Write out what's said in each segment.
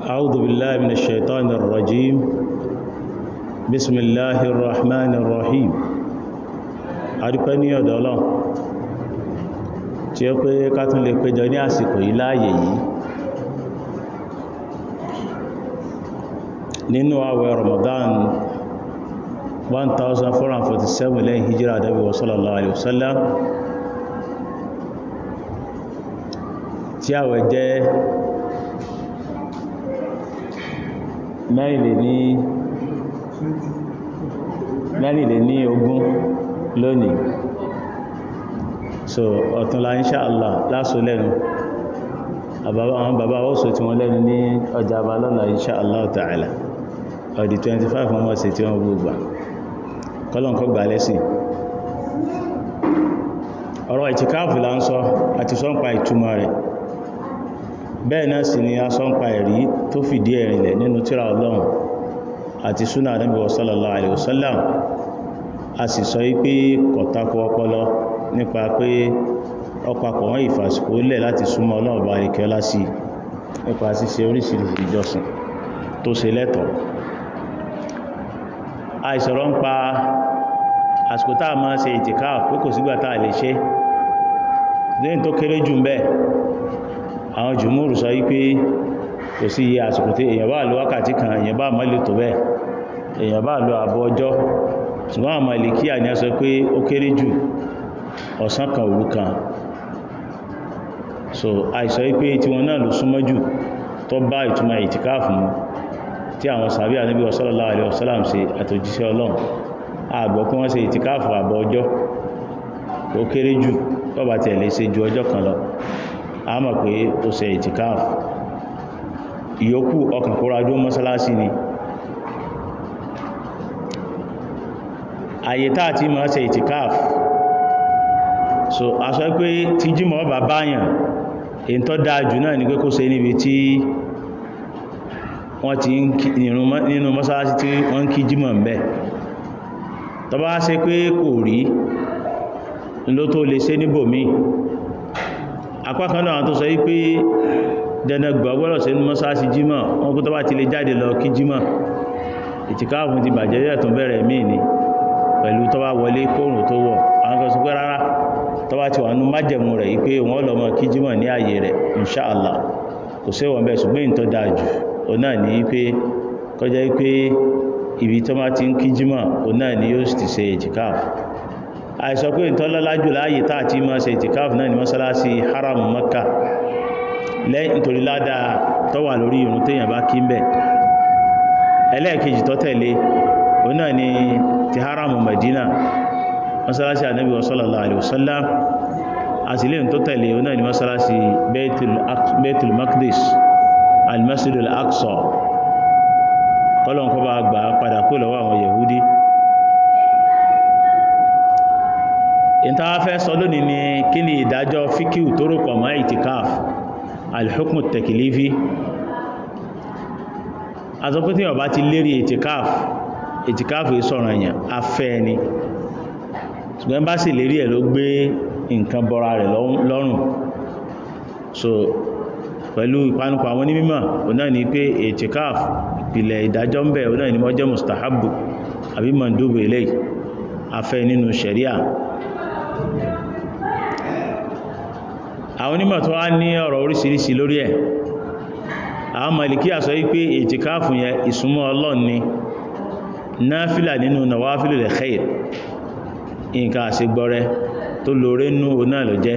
أعوذ بالله من الشيطان الرجيم بسم الله الرحمن الرحيم adúpẹ́ ní ọ̀dọ̀ ọlọ́run tí ó pé ká tún lè péjọ ní àsìkò yìí láàyè yìí nínú àwẹ̀ Ramadan 1447 lẹ́yìn hijira àdábí wa sallallahu alaihi wasallam tí àwẹ̀ jẹ́ mẹ́rìnlélógún lónìí so ọ̀túnla insha Allah lásò lẹ́nu àwọn bàbá ó sọ tí wọ́n lẹ́nu ní ọjà abalọ́la insha Allah ta'ala ọdí 25 wọ́n sì tí wọ́n gbogbo kọ́lọ̀nkọ́ gbà lẹ́sìn ọ̀rọ̀ ìtìkáàfù là ń sọ àti sọ́npa ìtumọ̀ bẹ́ẹ̀ náà sì ni a sọ ń pa ẹ̀rí tó fìdí ẹ̀rinlẹ̀ nínú tírà ọlọ́run àti súnà Ànábì sallallahu alaihi wasallam a sì sọ wípé kọ̀tàkù ọpọlọ nípa pé ọpapọ̀ wọ́n ìfàsìkò lẹ̀ láti súnmọ́ ọlọ́run bá ikẹ́ ọlá sí nípa ṣíṣe oríṣiríṣi ìjọsìn tó ṣe lẹ́tọ̀ọ́ àìsọ̀rọ̀ ń pa àsìkò táà máa ṣe ìtìkáà pé kò sígbà táà lè ṣe àwọn jùmúrù sọ wípé kò sí iye àsìkò tí èyàn bá lo wákàtí kan èyàn bá mọ́ lè tó bẹ́ẹ̀ èyàn bá lo àbọ̀ ọjọ́ ṣùgbọ́n àwọn Màlíkíyà ni a sọ pé ó kéré jù ọ̀sán kan òru kan so àìsọ wípé tí wọn náà ló súnmọ́ jù tó bá ìtumọ̀ ìtìkáàfù mu tí àwọn sàbí ànábí sallallahu alaihi wasallam ṣe àtòjíṣẹ́ ọlọ́run àgbọ̀ kí wọ́n ṣe ìtìkáàfù àbọ̀ ọjọ́ ó kéré jù tó bá tiẹ̀ ju ọjọ́ kan lọ ama pe 'Ose se itikaf iyoku ọkan kọrọ masalasi ni ayé taa ti ma itikaf so aso pe ti jimọ ọba bayan èyí tọ́ dáa jù náà ni pé kó se níbi tí wọ́n ti nínú masalasi tí wọ́n kí jimọ̀ ń bẹ́ se pe kò rí ló tó lè se níbòmí apákan náà tó sọ wípé dandan gbọ́gbọ́rọ̀ sí mọ́sáàsì jímọ̀ wọn kó tó bá ti lè jáde lọ kí jímọ̀ ìtìkáàfù ti bàjẹ́ yẹ̀ tó bẹ̀rẹ̀ míì ni pẹ̀lú tó bá wọlé kóòrùn tó wọ̀ àwọn kan sọ pé rárá tó bá ti wà nú májẹ̀mú rẹ̀ wípé wọn lọ mọ kí jímọ̀ ní ààyè rẹ̀ inṣáàlá kò sí wọn bẹ̀ ṣùgbọ́n ibi tó bá ti ń kí jímọ̀ ó náà ni yóò ti ṣe ìtìkáàfù àìsọ̀ pé ìtọ́lọ́lá jù láàyè táà tí máa ṣe ìtìkáàfù náà ni mọ́sálásí haramu Makka lẹ́yìn torí ládàá tó wà lórí ìrun téèyàn bá kí ń bẹ̀ ẹlẹ́ẹ̀kejì tó tẹ̀lé òun náà ni ti haramu Madina mọ́sálásí ànábì sallallahu alaihi wasallam àti lẹ́yìn tó tẹ̀lé ìta fẹ́ ni kí ni ìdájọ́ fíkíù tó rọ̀pọ̀ mọ́ ìtìkáf alhukmu ọba ti lérí ìtìkáf ìtìkáf yìí sọ̀rọ̀ afẹ́ ni ṣùgbọ́n bá sì lérí ẹ̀ ló gbé nǹkan bọ́ra rẹ̀ lọ́rùn so pẹ̀lú ìpanupọ̀ àwọn onímọ̀ ọ̀nà ni pé ìtìkáf ìpìlẹ̀ ìdájọ́ ń bẹ̀ ọ̀nà ni mustahabu àbí eléyìí afẹ́ nínú àwọn onímọ̀ tó wá ní ọ̀rọ̀ oríṣiríṣi lórí ẹ̀ àwọn màlìkíyà sọ wípé ìtìkáàfù yẹn ìsúnmọ́ Ọlọ́run ni náfílà nínú nàwáfílù lè khair nǹkan àṣegbọrẹ tó lóore nú oná ló jẹ́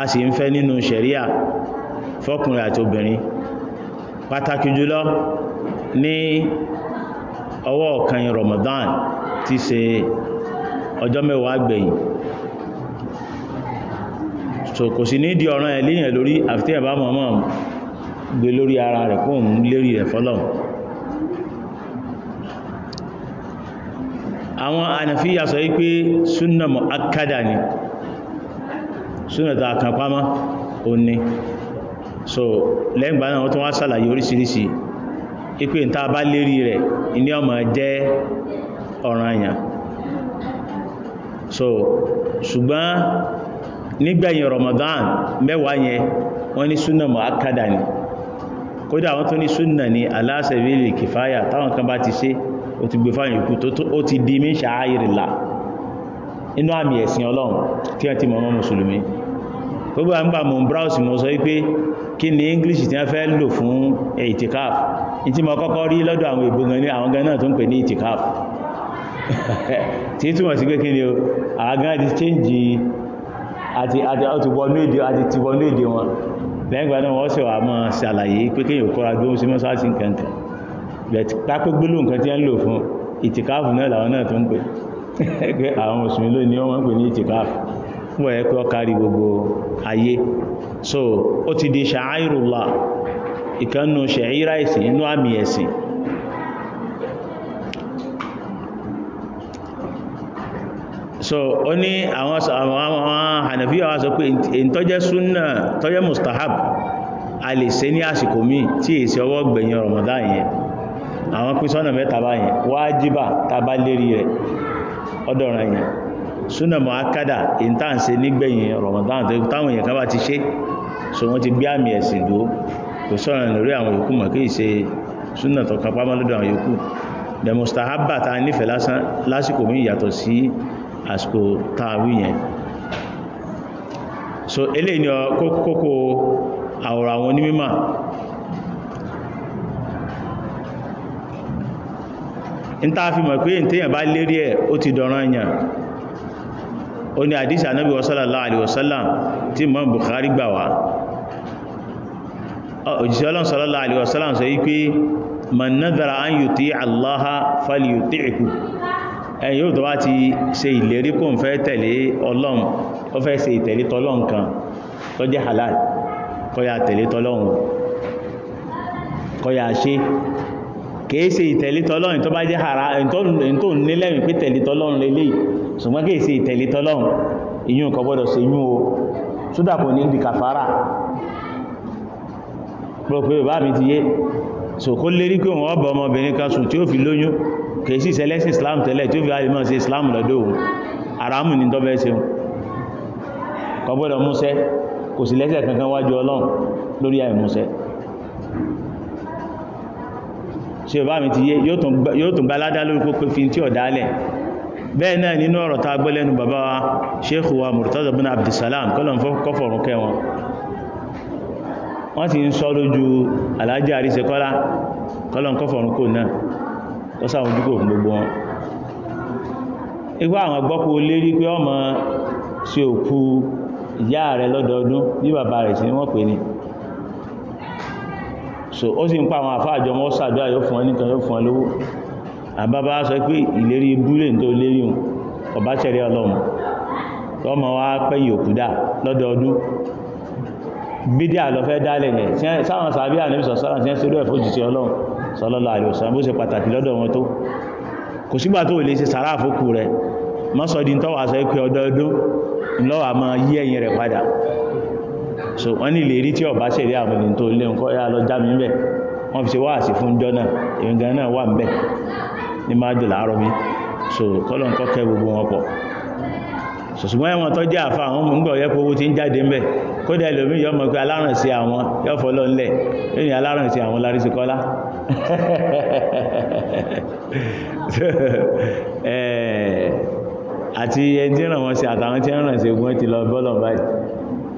a sì ń fẹ́ nínú ṣẹ̀ríà fọ́kùnrin àti so kò sí nídìí ọ̀ràn ẹ̀lẹ́yìn lórí àfitẹ́ ẹ̀bá mọ̀mọ́ gbé lórí ara rẹ̀ kó òun lérí rẹ̀ fọ́lọ̀ àwọn ànàfíyà sọ wípé súnà mọ̀ akádà ni súnà tàà kan ní so lẹ́gbàá náà wọ́n tún wá sàlàyé oríṣiríṣi ipé n tàà bá lérí rẹ̀ ní ọmọ jẹ́ ọ̀ràn àyàn so ṣùgbọ́n nígbẹ̀yìn Ramadan mẹ́wàá yẹn wọ́n ní súnà mọ̀ akádà ni kódà wọ́n tó ní súnà ní aláṣẹ̀bílì kìfáyà táwọn kan bá ti ṣe ó ti gbé fáyìn ikú ó ti di mí ṣàáyìrìlá inú àmì ẹ̀sìn Ọlọ́run tí wọ́n ti mọ̀ mọ́ mùsùlùmí gbogbo àmì bàmù browse mọ̀ English tí wọ́n fẹ́ lò fún itikaf ìtí mọ̀ kọ́kọ́ rí lọ́dọ̀ àwọn ìbò gan ní àwọn gan náà àti àtìwọnú èdè àti tìwọnú èdè wọn lẹ́gbà náà wọ́n sẹ̀wà mọ́ sàlàyé pé kéyàn kọ́ra gbóhùn sí mọ́sáàtì nkankan bẹ̀tì pápé gbóló nǹkan tí a ń lò fún ìtìkáàfù náà làwọn náà tó ń pè pé àwọn mùsùlùmí ló ní wọ́n pè ní ìtìkáàfù wọ́n yẹ pé ó kárí gbogbo ayé so ó ti di ṣàáìrùlà ìkànnù ṣẹ̀íráìsì inú àmì ẹ̀sìn so ó ní àwọn Hanafiya wá sọ pé èyí tọ́jẹ́ súnnà tọ́jẹ́ mustahab a lè ṣe ní àsìkò míì tí èsì ọwọ́ gbẹ̀yìn Ramadan yẹn àwọn pín sọ́nà mẹ́ta báyẹn wájíbà tàbá lérí rẹ̀ ọdọ̀ràn yẹn súnà mọ̀ákádà èyí tàà ń ṣe nígbẹ̀yìn Ramadan táwọn èèyàn kan bá ti ṣe so wọ́n ti gbé àmì ẹ̀sìn dúó kò yàtọ̀ sí àsìkò tààwí yẹn so eléyìí ni kókó àwọ̀rọ̀ àwọn onímímà ń tàà fi mọ̀ pé ìtẹ́yàn bá lérí ẹ̀ ó ti dọ̀ràn èèyàn ó ní àdísì ànábì sallallahu alaihi wasallam tí mọ́ Bukhari gbà wá òjíṣẹ́ Ọlọ́run sallallahu alaihi sọ yí pé man nadhara an yuti'a Allaha falyuti'hu ẹ̀yìn òtọ́ wá ti ṣe ìlérí kó ń fẹ́ tẹ̀lé ọlọ́run ó fẹ́ ṣe ìtẹ̀lé tọlọ́run kan tó jẹ́ halal kọ́yà tẹ̀lé tọlọ́run kọ́yà ṣe kìí ṣe ìtẹ̀lé tọlọ́run tó bá jẹ́ hara tó ń ní lẹ́mìí pé tẹ̀lé tọlọ́run lélẹ̀ ṣùgbọ́n kìí ṣe ìtẹ̀lé tọlọ́run ìyún kan gbọ́dọ̀ ṣe yún o sódà kò ní di kàfàrà pé bàbá mi ti yé kìí sí ìṣẹ́lẹ́sì islam tẹ́lẹ̀ tí ó fi láti mọ́ sí islam lọ́dọ̀ òun aramu ní tọ́bẹ̀ ṣeun kò gbọ́dọ̀ múṣẹ́ kò sí lẹ́sẹ̀ kankan wájú ọlọ́run lórí àìmúṣẹ́ ṣe bá mi ti yé yóò tún gbaládá lórí pópé fi tí ọ̀dálẹ̀ bẹ́ẹ̀ náà nínú ọ̀rọ̀ ta gbọ́ lẹ́nu bàbá wa ṣéèkù wa Murtaza bin Abdissalam kọ́lọ̀ kọfọ̀rún kẹ́ wọn wọ́n ti ń sọ lójú alájà àríṣekọ́lá kọ́lọ̀ kọfọ̀rún kò náà ó sàmójúkò fún gbogbo wọn igbá àwọn gbọ́kú lérí pé ọmọ sí òkú ìyá rẹ̀ lọ́dọọdún bí bàbá rẹ̀ sí wọ́n pè ní so ó sì ń pa àwọn àfáàjọ mọ́ sàdúrà yóò fún ẹ nìkan yóò fún ẹ lówó àbábá sọ pé ìlérí búlé tó lérí òun ọba tẹ̀lé ọlọ́run tọ́mọ wá pẹ́ yòkúdà lọ́dọọdún bídíà lọ fẹ́ dálẹ̀ yẹn sáwọn sàbíà níbi sọ̀sọ́rọ̀ tí wọ́n ṣe lóẹ̀ fójì sí ọlọ́run sallallahu alaihi wasallam bó ṣe pàtàkì lọ́dọ̀ wọn tó kò sígbà tó lè ṣe sàrá àfókù rẹ̀ mọ́sọ̀dín tọ́wà sọ pé ọdọọdún lọ́wà mọ́ yí ẹ̀yìn rẹ̀ padà so wọ́n ní lè rí tí ọba ṣẹ̀rí àmìlìn tó lé nǹkan yá lọ já mi bẹ̀ wọ́n fi ṣe wá sí fún jọ́nà èyí gan náà wà bẹ̀ ní máa jù láàárọ̀ mi so kọ́lọ̀ ń kọ́kẹ́ gbogbo wọn pọ̀ ṣùgbọ́n ẹ̀wọ̀n tó jẹ́ àfa àwọn mú gbọ̀ yẹ́pọ̀ owó ti ń jáde ń bẹ̀ kódà ẹlòmíì yọmọ pé alárànṣe àwọn yọ́fọ́ lọ́nlẹ̀ yóò ní alárànṣe àwọn lárísíkọ́lá Eh, àti ẹni tí ràn wọ́n sí àtàwọn tí ràn sí ogun ti lọ bọ́lọ̀ báyìí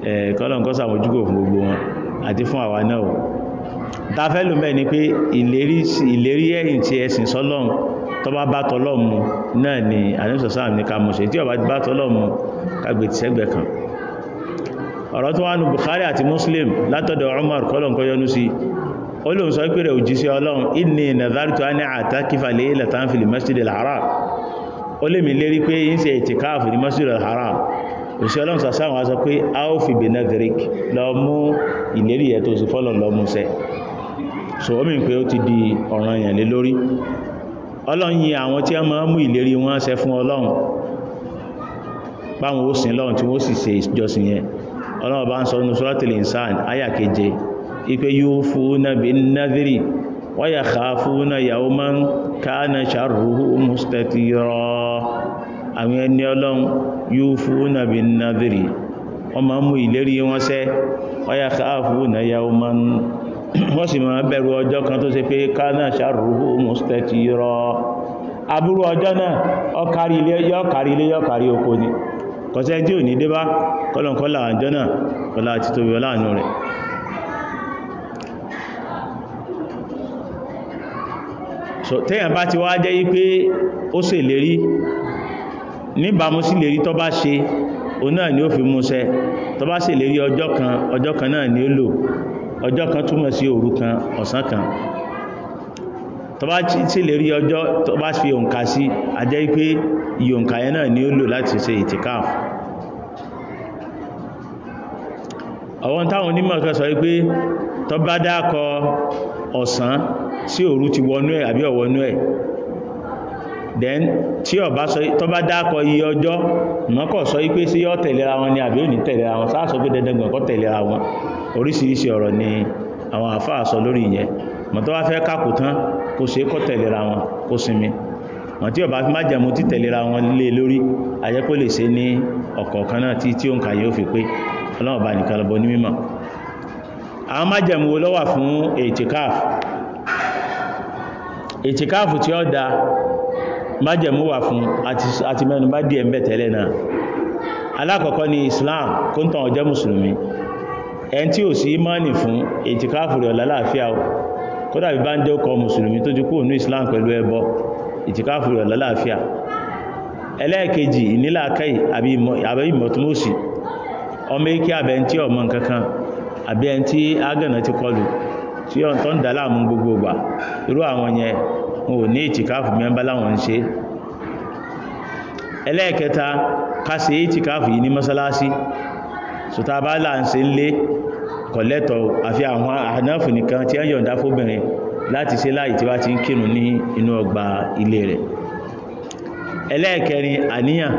eh, kọ́lọ̀ nǹkan sàmójúkò fún gbogbo wọn àti fún àwa náà tafẹ́lù mẹ́ ni pé ìlérí ẹ̀yìn tí ẹ̀sìn sọ́lọ́run tó bá bá tọ́lọ́run náà ni àníṣọ́sáà ní ká mọ̀ṣẹ̀ ó lóun sọ pé rẹ̀ òjíṣẹ́ ọlọ́run inni nazartu ani àtàkìfà lè lẹ́tàn fìlì masjid al-haram ó lè mi lérí pé yí ń ṣe ìtìkáàfù ní masjid al-haram òṣìṣẹ́ ọlọ́run sàṣáwọn aṣọ pé a ó fi bè nazarik lọ mú ìlérí ẹ̀ tó sì fọ́lọ̀ lọ mú sẹ so ó mìn pé ó ti di ọ̀ràn èèyàn lé lórí ọlọ́run yin àwọn tí a máa mú ìlérí wọn ṣẹ fún ọlọ́run báwọn ó sìn lọ́run tí wọ́n sì ṣe ìjọsìn yẹn ọlọ́run bá ń sọ nínú suratul insan áyà keje ipé yufuna bin nadhri wa yakhafuna yawman kana sharruhu mustatira àwọn ẹni ọlọ́run yufuna bin nadhri wọ́n máa mú ìlérí wọn ṣẹ wa yakhafuna yawman wọ́n sì máa bẹ̀rù ọjọ́ kan tó ṣe pé kana sharruhu mustatira aburú ọjọ́ náà ọkàrí ilé yọ́kàrí oko ni kọ̀sẹ́ tí ò ní débá kọ́lọ̀kọ́lá àjọ náà kọ́lá àti tóbi ọláàánú rẹ̀ so tẹ́yàn bá ti wá jẹ́ wípé ó ṣe ìlérí níbàmú sí ìlérí tó bá ṣe òun náà ni ó fi múṣẹ tó bá ṣe ìlérí ọjọ́ kan ọjọ́ kan náà ni ó lò ọjọ́ kan túmọ̀ sí òru kan ọ̀sán kan tó bá ṣe ìlérí ọjọ́ tó bá fi òǹkà sí a jẹ́ wípé iye òǹkà yẹn náà ni ó lò láti ṣe ìtìkáàfù àwọn táwọn onímọ̀ kan sọ wípé tó bá ọ̀sán sí òru ti wọnú ẹ̀ àbí ọ̀wọnú ẹ̀ then tí ọba sọ tó bá dákọ iye ọjọ́ mọ́kọ̀ sọ wípé sí yọ́ tẹ̀lera wọn ni àbí òní tẹ̀lera wọn sáàsọ pé dandangbọ̀n kọ́ tẹ̀lera wọn oríṣiríṣi ọ̀rọ̀ ni àwọn àfáà sọ lórí ìyẹn mọ̀ tó wá fẹ́ kàkù tán kò ṣe kọ́ tẹ̀lera wọn kó sinmi mọ̀ tí ọba fi má jẹ̀mú tí tẹ̀lera wọn lé lórí ajẹ́pọ̀ lè ṣe ní ọ̀kọ̀ọ̀kan náà tí tí ó ń kàyé ó fi pé ọlọ́run ọba nìkan lọ́bọ ní mímọ̀ àwọn májẹ̀mú wo ló wà fún ètìkáàfù ètìkáàfù tí ó da májẹ̀mú wà fún àti mẹ́nu bá díẹ̀ mẹ́ náà alákọ̀ọ́kọ́ ni Islam kó ń tàn ọjọ́ mùsùlùmí ẹn tí ò sí ìmánì fún ètìkáàfù rẹ̀ lálàáfíà kódà bí bá ń jẹ́ ọkọ̀ mùsùlùmí tó ti kú ònú Islam pẹ̀lú ẹbọ ètìkáàfù rẹ̀ lálàáfíà ẹlẹ́ẹ̀kejì ìnílàákẹ́ àbí ìmọ̀túnmọ̀sí ọmọ ike abẹ́ntí ọmọ nkankan àbí ẹni tí ágànà ti kọlù tí ọ̀n tó ń dà láàmú gbogbo ìgbà irú àwọn yẹn wọn ò ní ìtìkáàfù mẹ́mbá láwọn ń ṣe ẹlẹ́ẹ̀kẹta ká ṣe ìtìkáàfù yìí ní mọ́sálásí sọ̀tà bá là ń ṣe ń lé kọ̀lẹ́tọ̀ àfi àwọn ànáfù nìkan tí ń yọ̀ǹda fóbìnrin láti ṣe láì tí wá ti ń kírun ní inú ọgbà ilé rẹ̀ ẹlẹ́ẹ̀kẹrin àníyàn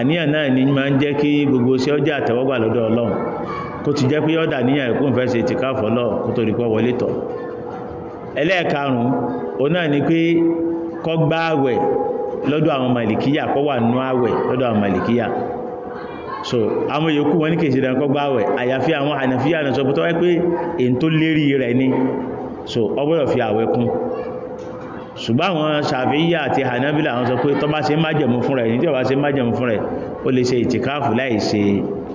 àníyàn náà ni máa ń jẹ́ kí gbogbo ṣe ọjà àtẹ́wọ́gbà lọ́dọ̀ Ọlọ́run kó ti jẹ́ pé ọ́dà níyàn ẹ̀kún fẹ́ ṣe ti káàfọ́ lọ kó tó rí pọ́ wọlé tọ̀ ẹlẹ́ẹ̀karùn-ún òun náà ni pé kó àwẹ̀ lọ́dọ̀ àwọn màlìkíyà kó wà nú àwẹ̀ lọ́dọ̀ àwọn màlìkíyà so àwọn yòókù wọn ní kèsì ìdán kó gba àwẹ̀ àyàfi àwọn ànàfíà náà sọ pé pé èyí tó lérí rẹ̀ ni so ọgbọ́dọ̀ fi àwẹ̀ kún ṣùgbọ́n àwọn ṣàfihà àti hanabila àwọn sọ pé tọ́ bá ṣe májẹ̀mú fún rẹ̀ ní tí ó bá ṣe májẹ̀mú fún rẹ̀ ó lè ṣe ìtìkáàfù láì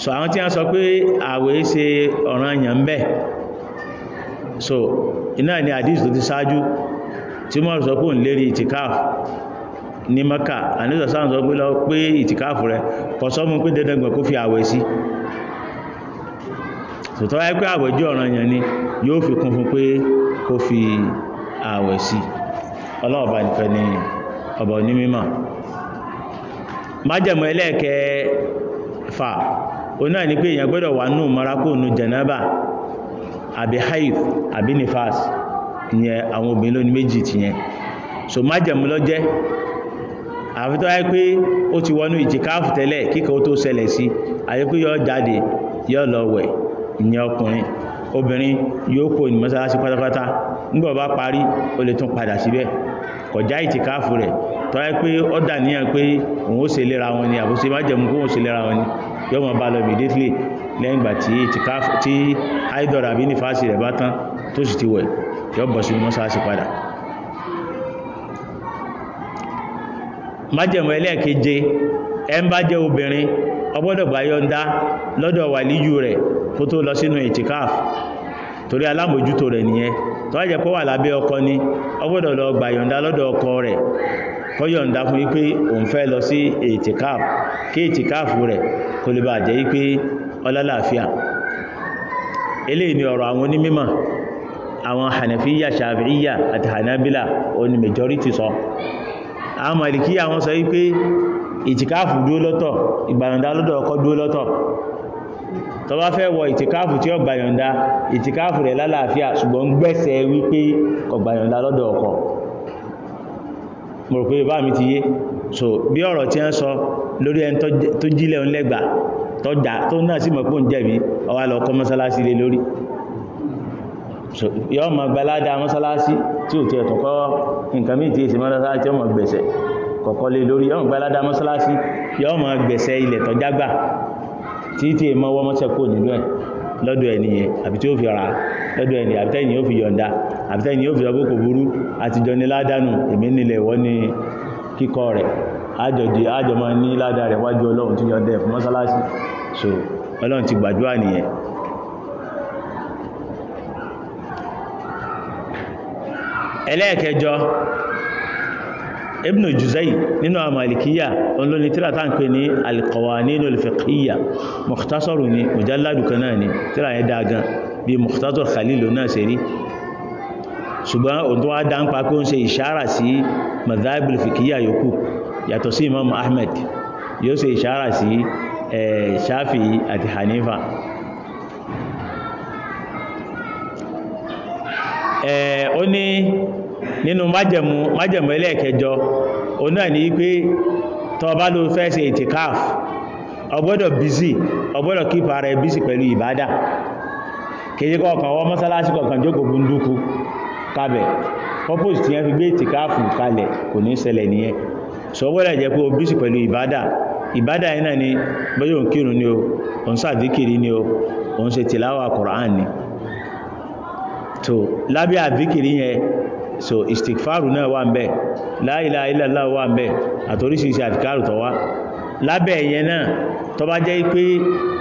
so àwọn tí a sọ pé àwẹ̀ ṣe ọ̀ranyàn ń bẹ so iná ni àdíṣ tó ti sáájú tí wọ́n sọ pé òun lérí ìtìkáàfù ní Mẹ́kà àníṣà sáà sọ pé lọ pé ìtìkáàfù rẹ kọ sọ mú pé dandangbọ̀n kó fi àwẹ̀ sí tòtọ́ wáyé pé àwẹ̀ jẹ́ ọ̀ranyàn ni yóò fi kún fún pé kó fi àwẹ̀ sí ọlọ́ọ̀bá nìkan ni ọ̀bọ̀ ní mímọ̀ májẹ̀mú ẹlẹ́ẹ̀kẹ́ fà onu a ni pé èyàn gbọ́dọ̀ wà nù mọ́rákò nù àbí haif àbí nifas ìyẹn àwọn obìnrin lóní méjì so má jẹ̀mú lọ jẹ́ àfi tó pé ó ti wọnú ìtìkáàfù tẹ́lẹ̀ kíkọ́ tó sí pé yọ jáde yọ lọ wẹ̀ ìyẹn ọkùnrin obìnrin yóò kó ìmọ̀sára sí pátápátá nígbà bá parí ó lè tún padà síbẹ̀ kọjá ìtìkáàfù rẹ̀ tọ́ pé ó dà níyàn pé òun ó ṣe lera wọn ni àbúṣe má jẹ̀mú kó òun ṣe lera wọn ni yóò mọ̀ bá lọ immediately lẹ́yìn ìgbà tí ìtìkáàfù tí idol àbí nífàásì rẹ̀ bá tán tó sì ti wẹ̀ yóò bọ̀ sí mọ́ṣáláṣí padà ẹlẹ́ẹ̀keje ẹ ń bá obìnrin ọgbọ́dọ̀ yọ̀ǹda tó wá jẹ́ pọ́ wà lábẹ́ ọkọ ni ó gbọ́dọ̀ lọ gbà yọ̀ǹda lọ́dọ̀ ọkọ rẹ̀ kó yọ̀ǹda fún wípé òun fẹ́ lọ sí ètìkáàfù kí ètìkáàfù rẹ̀ kó lè bà jẹ́ wípé ọlálàáfíà eléyìí ni ọ̀rọ̀ àwọn onímímọ̀ àwọn hànàfíyà ṣàfíyà àti hànàbílà oní majority sọ àwọn màlìkíyà wọ́n sọ wípé ìtìkáàfù dúó lọ́tọ̀ ìgbàyọ̀ǹda lọ́dọ̀ ọkọ dúó lọ́tọ̀ tó bá fẹ́ wọ ìtìkáàfù tí ó gbàyọ̀ǹda ìtìkáàfù rẹ̀ lálàáfíà ṣùgbọ́n gbẹ́sẹ̀ wípé kò gbàyọ̀ǹda lọ́dọ̀ ọkọ mo rò pé bá mi ti yé so bí ọ̀rọ̀ tí ń sọ lórí ẹni tó jílẹ̀ ń lẹ́gbà tọ́jà tó náà sì mọ̀ pé ń jẹ̀bi ó wá lọ kọ́ mọ́sálásí lé lórí yọ́ mọ̀ gbaládá mọ́sálásí tí ò ti ẹ̀tọ̀ kọ́ nǹkan mí tí èsì mọ́sálásí ọmọ gbẹ̀sẹ̀ kọ̀kọ́ lé lórí yọ́ mọ̀ gbaládá mọ́sálásí yọ́ mọ̀ gbẹ̀sẹ̀ ilẹ̀ tọ́jágbà tí tí è mọ́wọ́ mọ́sẹ̀ kò nínú ẹ̀ lọ́dọ̀ ẹniyẹn àbí tí ó fi ra lọ́dọ̀ ẹni àbí tẹ́yìn ó fi yọ̀ǹda àbí tẹ́yìn ó fi sọ pé kò burú àtijọ́ ni ládánù èmi nílẹ̀ ìwọ ni kíkọ́ rẹ̀ ájọ̀dì ájọmọ ní ládà rẹ̀ wájú ọlọ́run tí yọ̀ǹda fún mọ́sálásí so ọlọ́run ti gbàdúrà nìyẹn ẹlẹ́ẹ̀kẹjọ ibn juzai nínú amalikiya olóni tíra tá ń pè ní alqawaninul fiqhiyya mukhtasaru ni mujalladu kan náà ni tíra yẹn dágan bí mukhtasar khalil náà ṣe rí ṣùgbọ́n òun tó wá dá ń pa pé ń ṣe ìṣára sí madhabul fiqhiyya yòókù yàtọ̀ sí imam ahmed yóò ṣe ìṣára sí ṣáfì àti hanifa ó ní nínú májẹ̀mú májẹ̀mú ẹlẹ́ẹ̀kẹjọ òun náà ní pé tó bá ló fẹ́ ṣe ìtìkáf ọgbọ́dọ̀ bízì ọgbọ́dọ̀ keep ara ẹ bízì pẹ̀lú ìbádà kìí kọ̀ọ̀kan wọ́n mọ́sálásí kọ̀ọ̀kan jókòó búndúkú kabẹ̀ purpose tí yẹn fi gbé ìtìkáàfù kalẹ̀ kò ní ṣẹlẹ̀ nìyẹn sọ gbọ́dọ̀ jẹ́ pé o bízì pẹ̀lú ìbádà ìbádà yẹn náà ni bóyá òun kírun ni o òun sàdíkiri ni o òun ṣe tìláwà kùrán ni tó lábẹ́ àdíkiri yẹn so istighfaru náà wà ń bẹ̀ la ilaha illallah wà ń bẹ̀ àtoríṣìíṣẹ́ àdìkárù tọ́wá lábẹ́ ẹ̀yẹn náà tó bá jẹ́ pé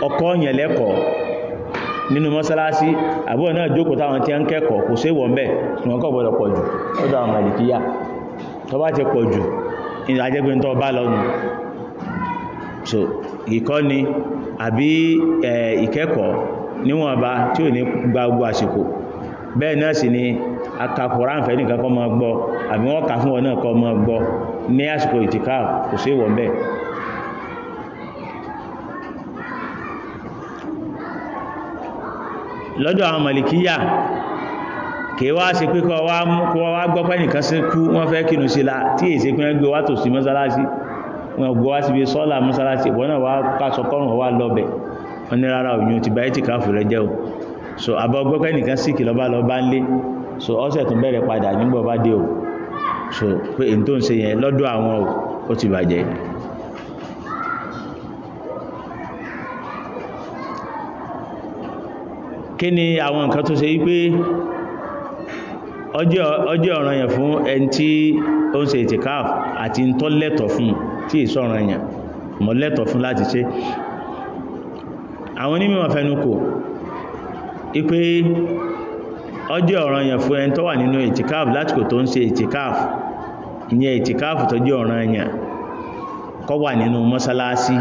ọkọ̀ yẹn lẹ́kọ̀ọ́ nínú mọ́sálásí àbúrò náà jókòó táwọn tí ń kẹ́kọ̀ọ́ kò sí wọ́n bẹ̀ so ìkọ́ni àbí ìkẹ́kọ̀ọ́ níwọ̀nba tí ò ní gba gbogbo àsìkò bẹ́ẹ̀ náà sì ni akakùrá ń fẹ́ nìkan kọ́ máa gbọ́ àbí wọ́n kà fún ọ náà kọ́ máa gbọ́ ní àsìkò ìtìká kò sí ìwọ̀ bẹ́ẹ̀ lọ́dọ̀ àwọn màlìkíyà kìí wá sí pé kọ́ wá gbọ́pẹ́ nìkan sí kú wọ́n fẹ́ kínú sí la tí èsì pín gbé wá tò sí rárá òyìn ti bá ètìká rẹ jẹ́ o so àbọ̀ gbọ́pẹ́ nìkan sí kìlọ́bá lọ́bá ń lé so ọ́sẹ̀ tún bẹ̀rẹ̀ padà nígbọ̀ bá dé o so pé n tó ń ṣe yẹn lọ́dọ̀ àwọn o ó ti bàjẹ́ kí ni àwọn nǹkan tó ṣe wípé ọjọ́ ọ̀ràn yẹn fún ẹni tí ó ń ṣe ìtìkáf àti ń tọ́ lẹ́tọ̀ fún tí ìsọ̀ràn yẹn mọ̀ lẹ́tọ̀ fún láti ṣe àwọn onímọ̀ fẹnukò ipé ó jẹ́ ọ̀ranyàn fún ẹni tó wà nínú ìtìkáf látìkò tó ń ṣe ìtìkáf ìyẹn ìtìkáf tó jẹ́ ọ̀ranyàn kó wà nínú mọ́sálásí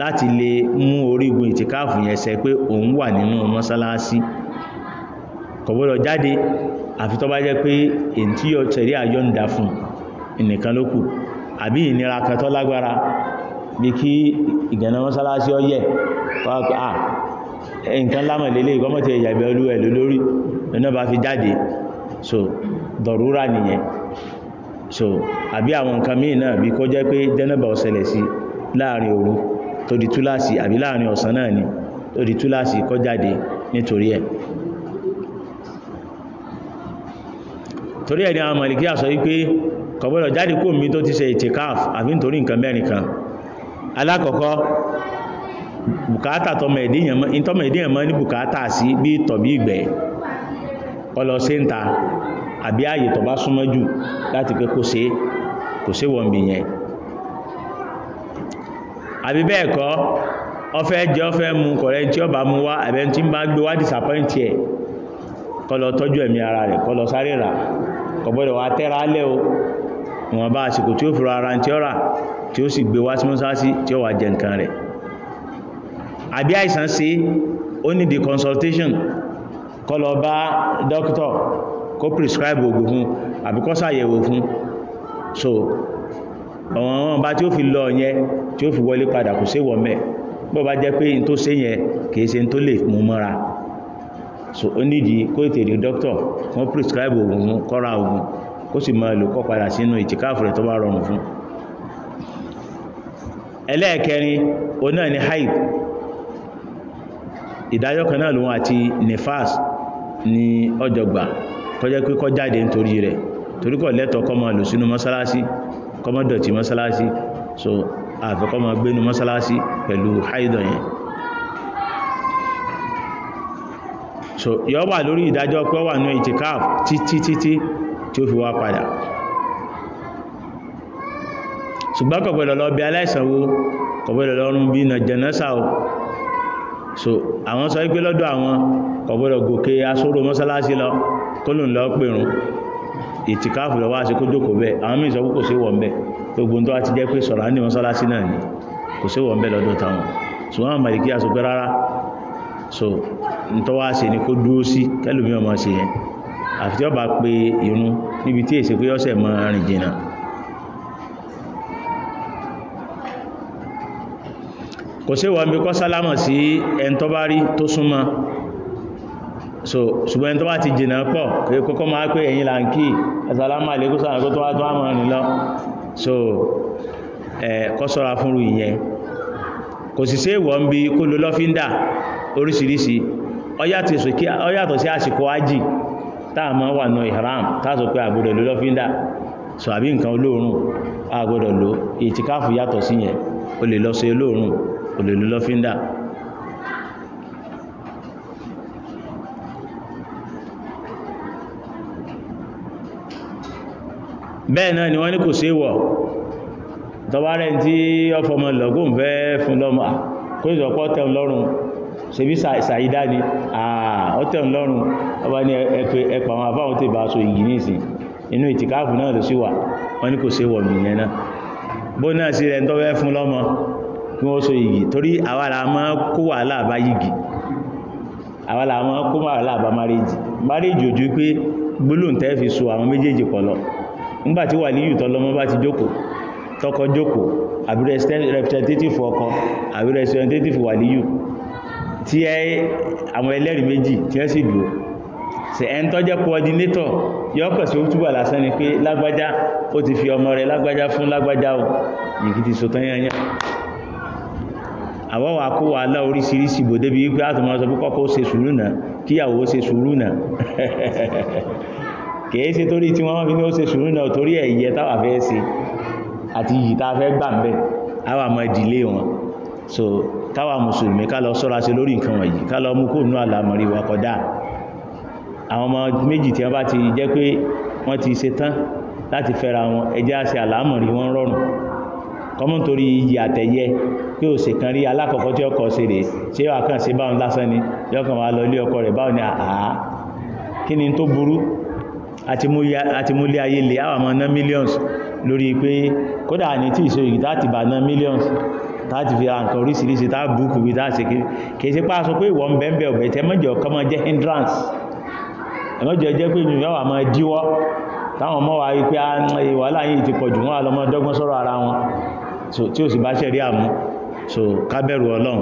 láti lè mú orígun ìtìkáf yẹn ṣẹ pé òun wà nínú mọ́sálásí kò gbọ́dọ̀ jáde àfi tó bá jẹ́ pé èyí tí yóò tẹ̀rí àyọ́ǹda fún ìnìkan ló kù àbí ìnira kan tó lágbára bí kí ìgànnà mọ́sálásí ó yẹ̀ nǹkan lámọ̀ lélé ìgbọ́mọ̀tí ìyàgbẹ́ olú ẹ̀ lórí iná bá fi jáde so dọ̀rúrà nìyẹn so àbí àwọn nǹkan míì náà bí kó jẹ́ pé jẹ́nàbà ọ̀sẹ̀lẹ̀ sí láàrin òru tó di túláàsì àbí láàrin ọ̀sán náà ni tó di túláàsì kó jáde nítorí ẹ̀ torí ẹ̀ ni àwọn mọ̀lìkí àsọ wípé kọ̀gbọ́dọ̀ jáde kó mi tó ti ṣe ìtìkáf àbí nítorí nǹkan mẹ́rin kan alákọ̀ọ́kọ́ bùkátà tọmọ ẹ̀dẹ́yàn mọ́ ní bùkátà sí bí tọ̀bí ìgbẹ́ ọlọ sẹ́ńtà àbí ààyè tọ̀bá súnmọ́ jù láti pé kó ṣe kò ṣe wọ́n bì yẹn àbí bẹ́ẹ̀ kọ́ ọfẹ́ jẹ́ ọfẹ́ mu kọ̀rẹ́ tí ọba mu wá ẹ̀bẹ́ tí ń bá gbé wá disappoint ẹ̀ kọ́ lọ tọ́jú ẹ̀mí ara rẹ̀ kọ́ lọ sáré rà kò gbọ́dọ̀ wá o wọn bá àsìkò tí ó fi ara tí ó tí ó sì gbé wá sí tí ó wà jẹ nǹkan rẹ̀ àbí àìsàn ṣe ó ní di consultation kó lọ bá doctor kó prescribe Ogun. fún àbí kó ṣàyẹ̀wò fún so ọ̀wọ̀n bá tí ó fi lọ yẹn tí ó fi wọlé padà kò sí wọ̀mẹ́ bó bá jẹ́ pé n tó ṣe yẹn kìí ṣe n tó lè mú mọ́ra so ó nídi kó ètè rí doctor wọ́n prescribe Ogun, fún kó ra ògùn kó sì máa lò kó padà sínú ìtìkáàfù rẹ̀ tó bá rọrùn fún ẹlẹ́ẹ̀kẹrin òun náà ni haid ìdájọ́ kan náà lòun àti nifas ní ọjọ́gbà kọjẹ́ pé kọ jáde nítorí rẹ̀ torí kò lẹ́tọ̀ọ́ kó máa lò sínú mọ́sálásí kó dọ̀tí mọ́sálásí so àfẹ́ kó máa gbénu mọ́sálásí pẹ̀lú haidọ̀ yẹn so yọ wà lórí ìdájọ́ pé wà ní itikaf títí títí tí ó fi wá padà ṣùgbọ́n kò gbọ́dọ̀ lọ bí aláìsàn wo kò bí na jẹnẹ́sà o so àwọn sọ wípé lọ́dọ̀ àwọn ọ̀bọ̀dọ̀ gòkè asóró mọ́sálásí lọ kólùn lọ pèrún ìtìkáàfù lọ wá sí kó jókòó bẹ́ àwọn mìí sọ pé kò sí wọ̀n bẹ́ gbogbo tó àti jẹ́ pé sọ̀rọ̀ ní mọ́sálásí náà ni kò sí wọ̀n bẹ́ lọ́dọ̀ táwọn so wọ́n màlìkí aṣọ pé rárá so n tó wá sí ni kó dúró sí kẹlùmí ọmọ sí yẹn àfi tí ó bá pe irun níbi tí èsì pé ọ̀sẹ̀ mọ́ rìn jìnnà kò sí wọ́n bí kọ́ sálámà sí ẹn tó súnmọ́ so ṣùgbọ́n ẹn tó bá ti jìnà pọ̀ kí kọ́kọ́ máa pé ẹ̀yìn làǹkì ẹ̀sálámà lẹ́kọ́ sáà kó so kọ́ sọ́ra fúnrú ìyẹn kò sì sí èwọ̀ ń bi kó lo lọ́fíńdà oríṣiríṣi ó yàtọ̀ sí àsìkò ájì so àbí nǹkan olóòrùn àgbọ́dọ̀ lo ìtìkáfù yàtọ̀ sí yẹn o lè lọ sí olóòrùn kò lè lọ́fíndà bẹ́ẹ̀ náà ni wọ́n ní kò sí wọ̀ tọwárẹ̀ tí ọfọmọ lọ́gùn fẹ́ fún lọ́mọ kó ìsọ̀pọ̀ tẹun lọ́rùn ṣe bí sàídá ni àà ọ tẹun lọ́rùn ọba ní ẹpà àwọn afáwọn tó ìbá so ìgì nísìn inú ìtìkáàfù náà lọ sí wà wọ́n ní kò sí wọ̀ mìíràn náà bó náà sí rẹ̀ ń fún lọ́mọ kí wọ́n so yìgì torí àwárà máa kó wà láàbá yìgì àwárà máa kó wà láàbá marriage marriage ojú pé gbólóǹtẹ́ fi so àwọn méjèèjì pọ̀ lọ nígbàtí wà líyù tọ́lọ́mọ́ bá ti jókòó tọkọ jókòó àbí representative ọkọ àbí representative wà líyù tí ẹ àwọn ẹlẹ́rìí méjì tí ẹ sì dúró ṣe ẹn tọ́jẹ́ coordinator yọ́ pẹ̀ sí túbọ̀ ni pé àwọn wà kó wà lá oríṣiríṣi bò débi wípé a tó máa sọ pé kọ́kọ́ ó ṣe sùúrù náà kíyàwó ṣe sùúrù náà kìí ṣe torí tí wọ́n fi ní ó ṣe sùúrù náà torí ẹ̀yẹ táwà fẹ́ ṣe àti yìí tá fẹ́ gbà ń bẹ̀ àwà mọ ìdílé wọn so káwà mùsùlùmí ká lọ sọ́ra sí lórí nǹkan wọ̀nyí ká lọ mú kó nú àlàmọ̀rí wa kọjá àwọn ọmọ méjì tí wọ́n bá ti jẹ́ pé wọ́n ti ṣe tán láti fẹ́ra wọn ẹjẹ́ àṣẹ àlàmọ̀rí wọn rọrùn kọmọ́ torí iyì àtẹ̀yẹ pé ò sì kan rí alákọ̀ọ́kọ́ tí ọkọ̀ sí rè ṣé wà kàn sí báwọn lásán ni yọkàn wà lọ ilé ọkọ rẹ̀ báwọn ni àá kí ni tó burú àti múlé ayé lè àwọn ọmọ ná millions lórí pé kódà ní tí ìṣòro ìgbà ti bà ná millions láti fi ra nǹkan oríṣiríṣi tá búùkù bí dáa ṣe kìí ṣe pàṣọ pé ìwọ̀n bẹ́ẹ̀bẹ̀ ọ̀bẹ̀ tẹ́ mọ́jọ ọkọ̀ mọ́ jẹ́ hindrance ẹ̀mọ́jọ jẹ́ pé ìyẹn wà máa díwọ́ táwọn ọmọ wa rí pé ah, wàhálà yìí ti pọ̀jù wọn àlọ́mọ dọ́gbọ́n sọ̀rọ̀ ara wọn tí ó sì bá ṣẹ̀rí àmú so kábẹ̀rù ọlọ́run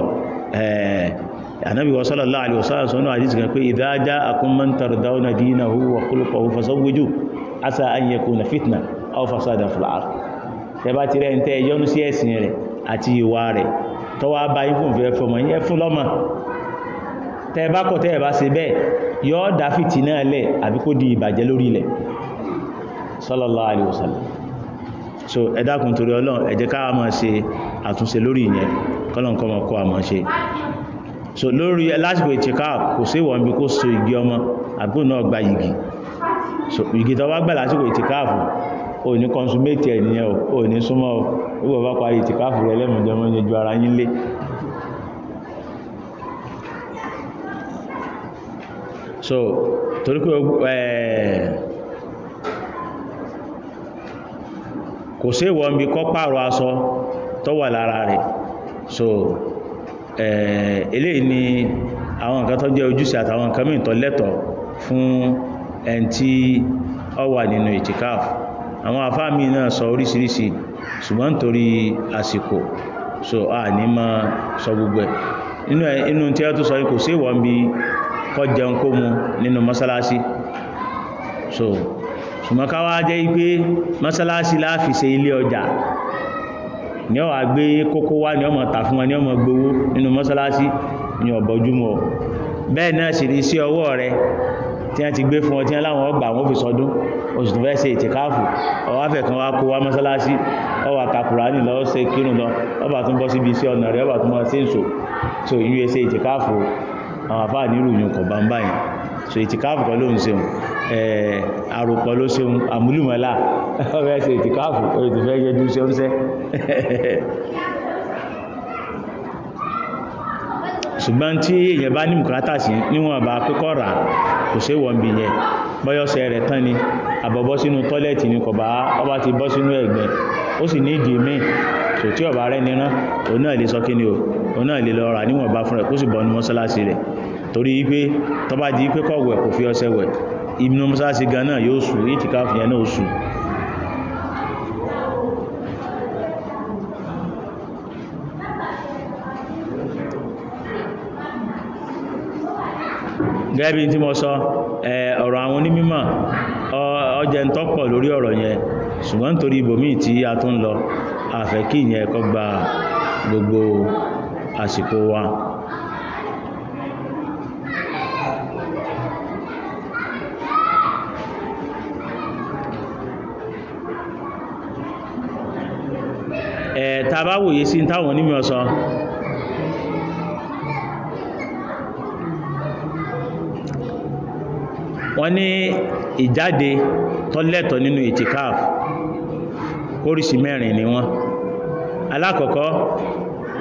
ànábì sallallahu alaihi wasallam sọ́nà àdísì kan pé idha ja'akum man tardawna dinahu wa khuluquhu fazawwiju asa an yakuna fitna aw fasadan fil ard tẹ́bá ti rẹ̀ ń tẹ́ yọ́nú sí ẹ̀sìn rẹ̀ àti ìwà rẹ̀ tọ́wọ́ bá yín fún ìfẹ́ fọmọ yẹn fún lọ́mọ tẹ́ẹ̀bá kọ̀ tẹ́ẹ̀bá ṣe bẹ́ẹ̀ yọ́ dá náà lẹ̀ àbí di ìbàjẹ́ lórí ilẹ̀ sallallahu alaihi so ẹ dákun torí ọlọ́run ẹ jẹ́ ká máa ṣe àtúnṣe lórí ìyẹn kọ́lọ̀n kọ́ kọ́ àmọ́ ṣe so lórí lásìkò ìtìká kò sí ìwọ̀n bí kó so igi ọmọ àbúrò náà gba igi so igi tó bá gbà lásìkò ìtìká fún o ní consummate ẹ̀ nìyẹn o ní súnmọ́ o gbọ́ bá parí ìtìká fún rẹ lẹ́mọ̀jọ́ mọ́ ní ju ara yín lé so torí pé ẹ̀ẹ́ kò sí ìwọ̀n bí kọ́ pààrọ̀ aṣọ tó wà lára rẹ̀ so eléyìí ni àwọn nǹkan tó jẹ́ ojúṣe àtàwọn nǹkan mìí tó lẹ́tọ̀ fún ẹni tí ó wà nínú itikaf àwọn àfáàmì náà sọ oríṣiríṣi ṣùgbọ́n nítorí àsìkò so a ní ma sọ gbogbo ẹ̀ inú tí a tó sọ kò sí ìwọ̀n bí kọ́ jẹun kó mu nínú mọ́sálásí so ṣùgbọ́n ká wá jẹ́ pé mọ́sálásí láàfi ṣe ilé ọjà ní ọ̀wà gbé kókó wá ní ọmọ tà fún wọn ní ọmọ gbowó nínú mọ́sálásí ní ọ̀bọ̀júmọ̀ bẹ́ẹ̀ náà sì rí sí ọwọ́ rẹ tí wọ́n ti gbé fún ọ tí wọ́n láwọn ọgbà wọn fi sọdún oṣù tó fẹ́ ṣe ìtìkáàfù ọwáfẹ̀ kan wá kó wá mọ́sálásí ọwà kàkùránì lọ ṣe kírun lọ ọba tún bọ́ síbi iṣẹ́ ọ̀nà rẹ ọba tún bọ́ sí ìṣò so ìyún ẹsẹ̀ ìtìkáàfù àwọn àfáà nírú ìyún kọ̀ bá ń báyìí so ìtìkáàfù kan ló ń ṣeun àròpọ̀ ló ṣeun àmúlùmọ́lá ọ̀rẹ́ ṣe ìtìkáàfù òtìfẹ́ yẹjú ṣe ń sẹ́ ṣùgbọ́n tí èyàn bá ní bùkátà sí níwọ̀n bá pẹ́kọ́ rà kò ṣe wọ́n bí yẹn bọ́yọ́sẹ̀ rẹ̀ tán ni àbọ̀bọ́ sínú tọ́lẹ̀tì ni kọ̀bá ọba ti bọ́ sínú ẹ̀gbẹ́ ó sì ní ìdí míì tò tí ọba rẹ̀ níran òun náà lè sọ kí ni o òun náà lè lọ rà níwọ̀n bá fún rẹ̀ kó sì bọ́ ní mọ́sálásí rẹ̀ torí pé tọ́ba di pé kọ̀wẹ̀ kò fi ọṣẹ wẹ̀ inú mọ́sáàsì gan náà yóò sùn ìtìkáàfù yẹn náà sùn gẹ́bí tí mo sọ ọ̀rọ̀ àwọn onímímọ̀ ọjẹ́ ń tọ́pọ̀ lórí ọ̀rọ̀ yẹn ṣùgbọ́n nítorí ibòmí tí a tún lọ àfẹ́kí ìyẹn kó gba gbogbo àsìkò wa bá wòye sí táwọn onímọ̀ sọ wọ́n ní ìjáde tọ́lẹ̀tọ̀ nínú ìtìkáf oríṣi ni wọ́n alákọ̀ọ́kọ́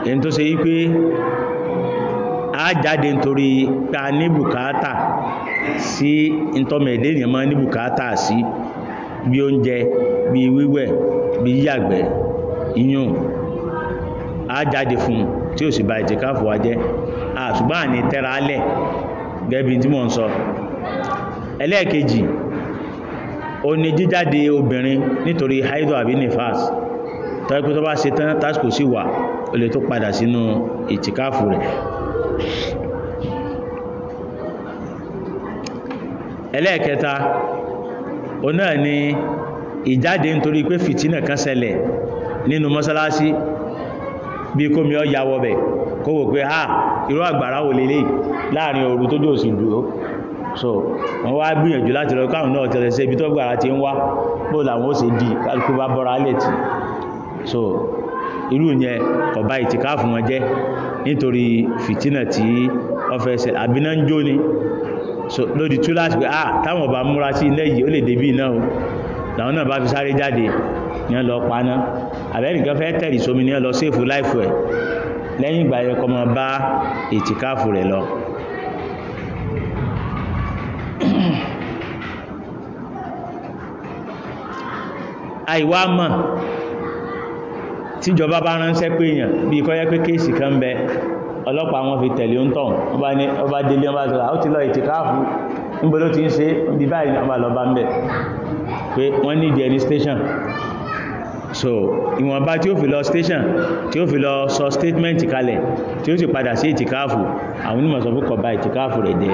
èyí tó ṣe wípé a jáde nítorí ta ní bùkátà sí ìtọ́mẹ̀dé ènìyàn máa ní bùkátà sí bí oúnjẹ bí wíwẹ̀ bí yíyàgbẹ́ jáde fún tí ó sì ba ìtìkáfù wa a àṣùgbọ́n ní tẹ́ra alẹ̀ gẹ́bí tí mò ń sọ ẹlẹ́ẹ̀kejì ó ní jíjáde obìnrin nítorí haidu àbí nifas tọ́ ipé tó bá ṣe tán tásìkò sí wà ó lè tó padà sínú ìtìkáfù rẹ̀ ẹlẹ́ẹ̀kẹta ó náà ni ìjáde nítorí pé fìtínà kan nínú mọ́sálásí bí kó mi ọ ya wọbẹ̀ kó wò pé ha ah, irú àgbàrá wò lélẹ̀ láàrin òru tó jòsì dúró so wọ́n wá gbìyànjú láti lọ káwọn náà tẹ̀lẹ̀ sí ibi tó gbàrá ti ń wá bó làwọn ó sì di kálukú bá bọ́ra lẹ́tì so irú yẹn kò bá ìtìkáàfù wọn jẹ́ nítorí fìtínà tí wọ́n fẹ́ ṣe ń jó ni so lódi tú láti pé ah táwọn ọba múra sí ilé yìí ó lè débì náà o làwọn náà bá fi sáré jáde yẹn lọ paná àbẹ́nìkan fẹ́ tẹ̀rì sómi ní ọlọ séèfù láìfù ẹ̀ lẹ́yìn ìgbà yẹn kó máa bá ìtìkáàfù rẹ̀ lọ àìwá mọ̀ tíjọba bá ránṣẹ́ pé èèyàn bí kọ́ yẹ́ pé kéèsì kan ń bẹ ọlọ́pàá wọn fi tẹ̀lé ń tàn wọ́n bá délé wọ́n bá sọ́ra ó ti lọ ìtìkáàfù níbo ló ti ń ṣe bí báyìí wọ́n bá lọ bá ń bẹ̀ pé wọ́n nídìí ẹni station so ìwọ̀nba tí ó fi lọ station tí ó fi lọ sọ statement kalẹ̀ tí ó sì padà sí ìtìkáàfù àwọn onímọ̀ sọ fún kọba ìtìkáàfù rẹ̀ jẹ́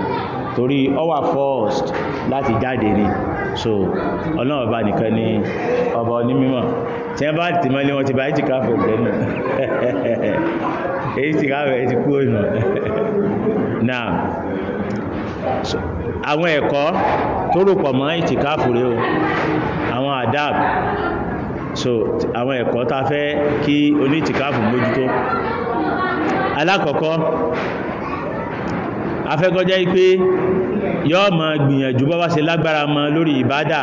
torí ó wà forced láti jáde ni so ọlọ́run ọba nìkan ni ọba onímọ̀ tí wọ́n bá ti mọ́lé wọn ti bá ìtìkáàfù rẹ̀ nù èyí ti káàfù rẹ̀ ti kú ònà now àwọn ẹ̀kọ́ tó rò pọ̀ mọ́ ìtìkáàfù rẹ̀ o àwọn adapt so àwọn ẹ̀kọ́ ta fẹ́ kí onítìkáàfù mójútó alákọ̀ọ́kọ́ afẹ́kọ́jẹ́ pé yọ́ ma gbìyànjú bọ́bá ṣe lágbára mọ́ lórí ìbádà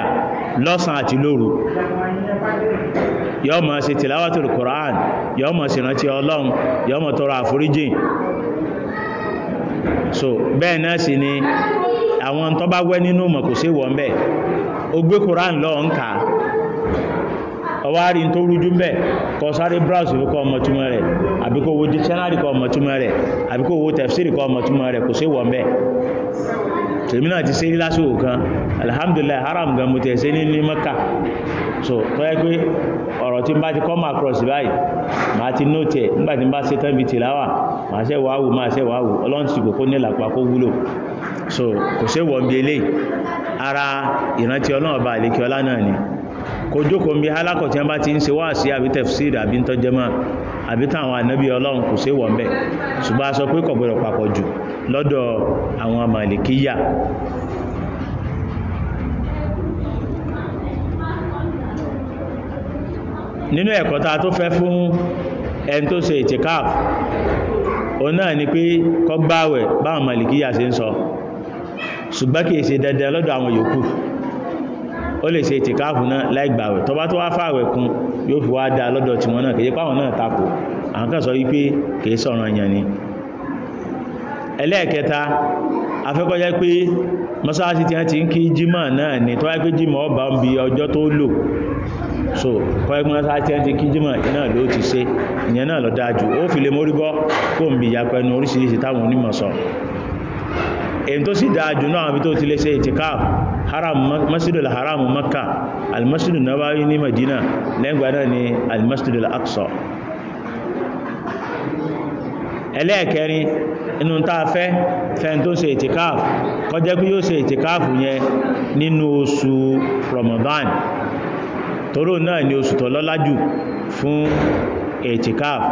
lọ́sàn àti lóru yọ́ ma ṣe tìláwàtòrò koran yọ́ ma ṣe rántí ọlọ́run yọ́ ma tọrọ àforíjìn so bẹ́ẹ̀ náà sì ni àwọn tó bá wẹ́ nínú mọ̀ kò sí wọ́n bẹ́ẹ̀ ó koran lọ́ọ̀ ń kàá ọwárí tó rújú mbẹ kọ sáré browse kọ ọmọ àbí wo kọ ọmọ túnmọ̀ rẹ̀ àbí wo tefsiri kọ ọmọ túnmọ̀ kò ti lásìkò alhamdulillah haram gan mo ti ẹ̀ṣẹ́ ní ní so tó yẹ pé ọ̀rọ̀ tí n bá ti come báyìí màá ti nóòtì nígbà tí n bá tán màá wàá so kò ara ìrántí ọlọ́run ọba kò jókòó mi alákọ̀ tí wọ́n bá ti ń ṣe wá sí àbí tafsir àbí tọ́jẹ́mọ́ àbí táwọn ànábí ọlọ́run kò sí wọ̀n bẹ̀ ṣùgbọ́n a sọ pé kò gbọ́dọ̀ papọ̀ jù lọ́dọ̀ àwọn màlìkíyà nínú ẹ̀kọ́ ta tó fẹ́ fún ẹn tó ṣe ìtìkáàf o náà ni pé kó báwọn màlìkíyà ṣe ń sọ ṣùgbọ́n kìí ṣe dandan lọ́dọ̀ àwọn yòókù ó lè ṣe ìtìkáàfù náà láìgbàwẹ̀ tó bá tó wá fàwẹ̀ kún yóò fi wá dá lọ́dọ̀ tí wọ́n náà kìí páwọn náà takò àwọn wípé kìí sọ̀rọ̀ èèyàn ni ẹlẹ́ẹ̀kẹta afẹ́kọ́jẹ́ pé mọ́sáàsì tí wọ́n ti ń ni ọba ń bi ọjọ́ tó lò so kọ́ẹ̀kún mọ́sáàsì tí wọ́n ti kí jímọ̀ náà ló ti ṣe ìyẹn náà lọ dáa jù ó èyí tó sì dáadù náà àbí tó ti lè ṣe ìtìkáf haram masjidul haram makka almasjidul nabawi ní madina lẹ́gbàá náà ni almasjidul aqsa ẹlẹ́ẹ̀kẹrin inú ta fẹ́ fẹ́ tó ṣe ìtìkáf kọjẹ́ pé yóò ṣe ìtìkáf yẹn nínú oṣù ramadan toró náà ni oṣù tó lọ́lájù fún ìtìkáf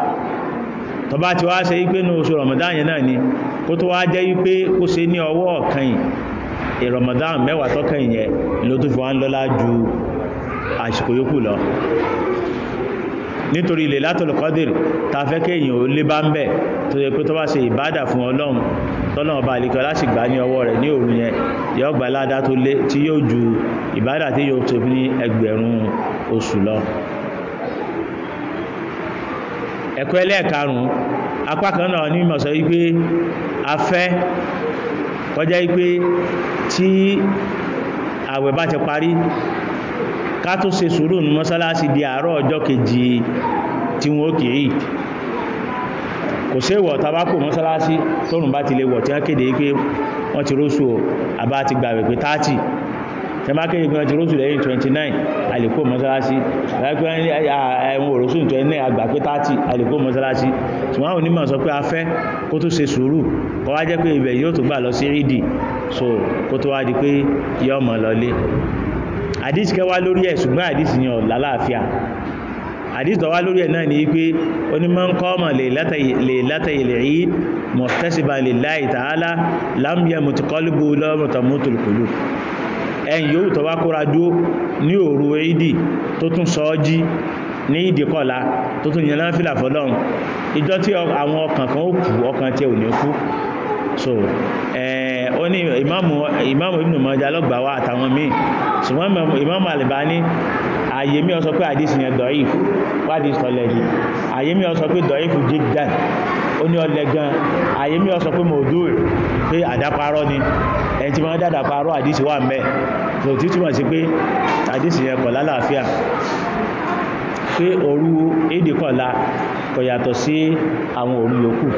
tó ti wá ṣe ipé oṣù ramadan yẹn náà ni kó tó wá jẹ́ wípé kó ṣe ní ọwọ́ ọ̀kanyìn ìrọ̀mọ̀dán mẹ́wàá tọ́kàn yẹn ló tó fi wá ń lọ́lá ju àsìkò yókù lọ nítorí ilẹ̀ látọ̀lọ̀kọ́dìr ta fẹ́ kéèyàn ó lé bá ń bẹ̀ tó yẹ pé tó bá ṣe ìbádà fún ọlọ́run tọ́lọ́run bá àlekọ́ láti gbà ní ọwọ́ rẹ̀ ní òru yẹn yọ gbà ládá tó lé tí yóò ju ìbádà tí yóò tó ní ẹgbẹ̀rún oṣù lọ ẹ̀kọ́ ẹlẹ́ẹ̀karùn-ún apá kan náà ní mọ̀ sọ wípé afẹ́ kọjá wípé tí àwẹ̀ bá ti parí ká tó ṣe sùúrù ní mọ́sálásí di àárọ̀ ọjọ́ kejì tí wọ́n kì í kò sí ìwọ̀ tabako mọ́sálásí tọ́rùn bá ti lè wọ̀ tí wọ́n kéde wípé wọ́n ti rósù àbá ti gbàwẹ̀ pé 30 tẹmákẹ́ ìgbìmọ̀ ti rósù lẹ́yìn 29 àlèkó mọ́sálásí láìpẹ́ ẹ̀wọ̀n òròsù 29 àgbà pé 30 àlèkó mọ́sálásí ṣùgbọ́n àwọn onímọ̀ sọ pé a fẹ́ kó tó ṣe sùúrù kó wá jẹ́ pé ibẹ̀ yóò tó gbà lọ sí rídì so kó tó wá di pé yọ mọ̀ lọlé àdìsí kẹwàá lórí ẹ̀ ṣùgbọ́n àdìsí yẹn lálàáfíà àdìsí tó wá lórí ẹ̀ náà ni pé onímọ̀ ń kọ́ ọmọ lè látàyè lè rí mọ̀tẹ́sìbà lillahi ta'ala lámúyẹ̀ mọ̀tẹ́kọ́lùbù lọ́mọ̀tàmọ́tòlùkùlù ẹ̀yìn yóò tọ́wá kóra dúó ní òru ìdí tó tún sọ jí ní ìdíkọ̀lá tó tún yẹn náà fìlà fọ́lọ́run ìjọ tí àwọn ọkàn kan ó kú ọkàn tí ò ní kú so ẹ̀ẹ́ ó ní ìmáàmù Ibn Majah lọ́gbà wá àtàwọn míì ṣùgbọ́n ìmáàmù Albani ààyè mi ó sọ pé àdìsí yẹn da'if wádìí sọlẹ̀ yìí ààyè mi ó sọ pé da'if jiddan ó ní ọlẹ̀ gan ààyè mi ó sọ pé mawdu' pé àdáparọ́ ni ẹni tí wọ́n dáadáa parọ́ àdìsí wà mẹ́ tó tí túmọ̀ sí pé àdìsí yẹn kọ̀ lálàáfíà pé òru èdè kọ̀la kò yàtọ̀ sí àwọn òru yòókù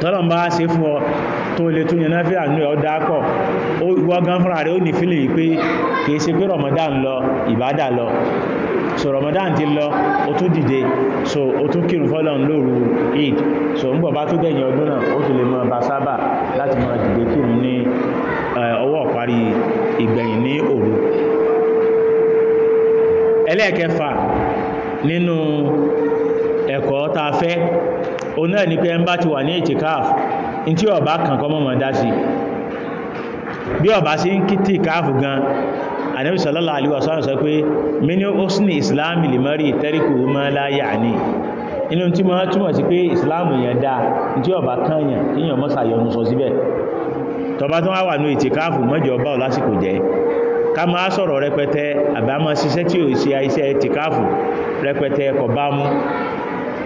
tọ́lọ̀ ń bá ṣe fún ọ tó lè tún yẹn náfíà ní ọdá pọ̀ ìwọ́gán fúnra rẹ̀ ó ní fílì pé kìí ṣe pé Ramadan lọ ìbádà lọ so Ramadan ti lọ ó tún so ó tún kírun fọ́lọ̀ lóru Eid so ń bọ̀ bá tó dẹ̀yìn ọdún náà ó tún lè mọ́ bá sábà láti mọ́ dìde kírun ní ọwọ́ parí ìgbẹ̀yìn ní òru ẹlẹ́ẹ̀kẹfà nínú ẹ̀kọ́ pé ti wà ní in tí ọba kan kọ mọ́mọ̀ dá sí bí ọba sí ń kìtì káàfù gan Ànábì sallallahu alaihi sọ pé mini husni islami limari tariku ma la ya'ni inú tí ma túmọ̀ sí pé islamu yẹn in ọba mọ́sà yọnu sọ síbẹ̀ tọba tó wà ní ìtì káàfù mọ́jọ ọba ò lásìkò ká máa sọ̀rọ̀ rẹpẹtẹ àbámọ́ tí ò ṣe iṣẹ́ ìtì káàfù rẹpẹtẹ bá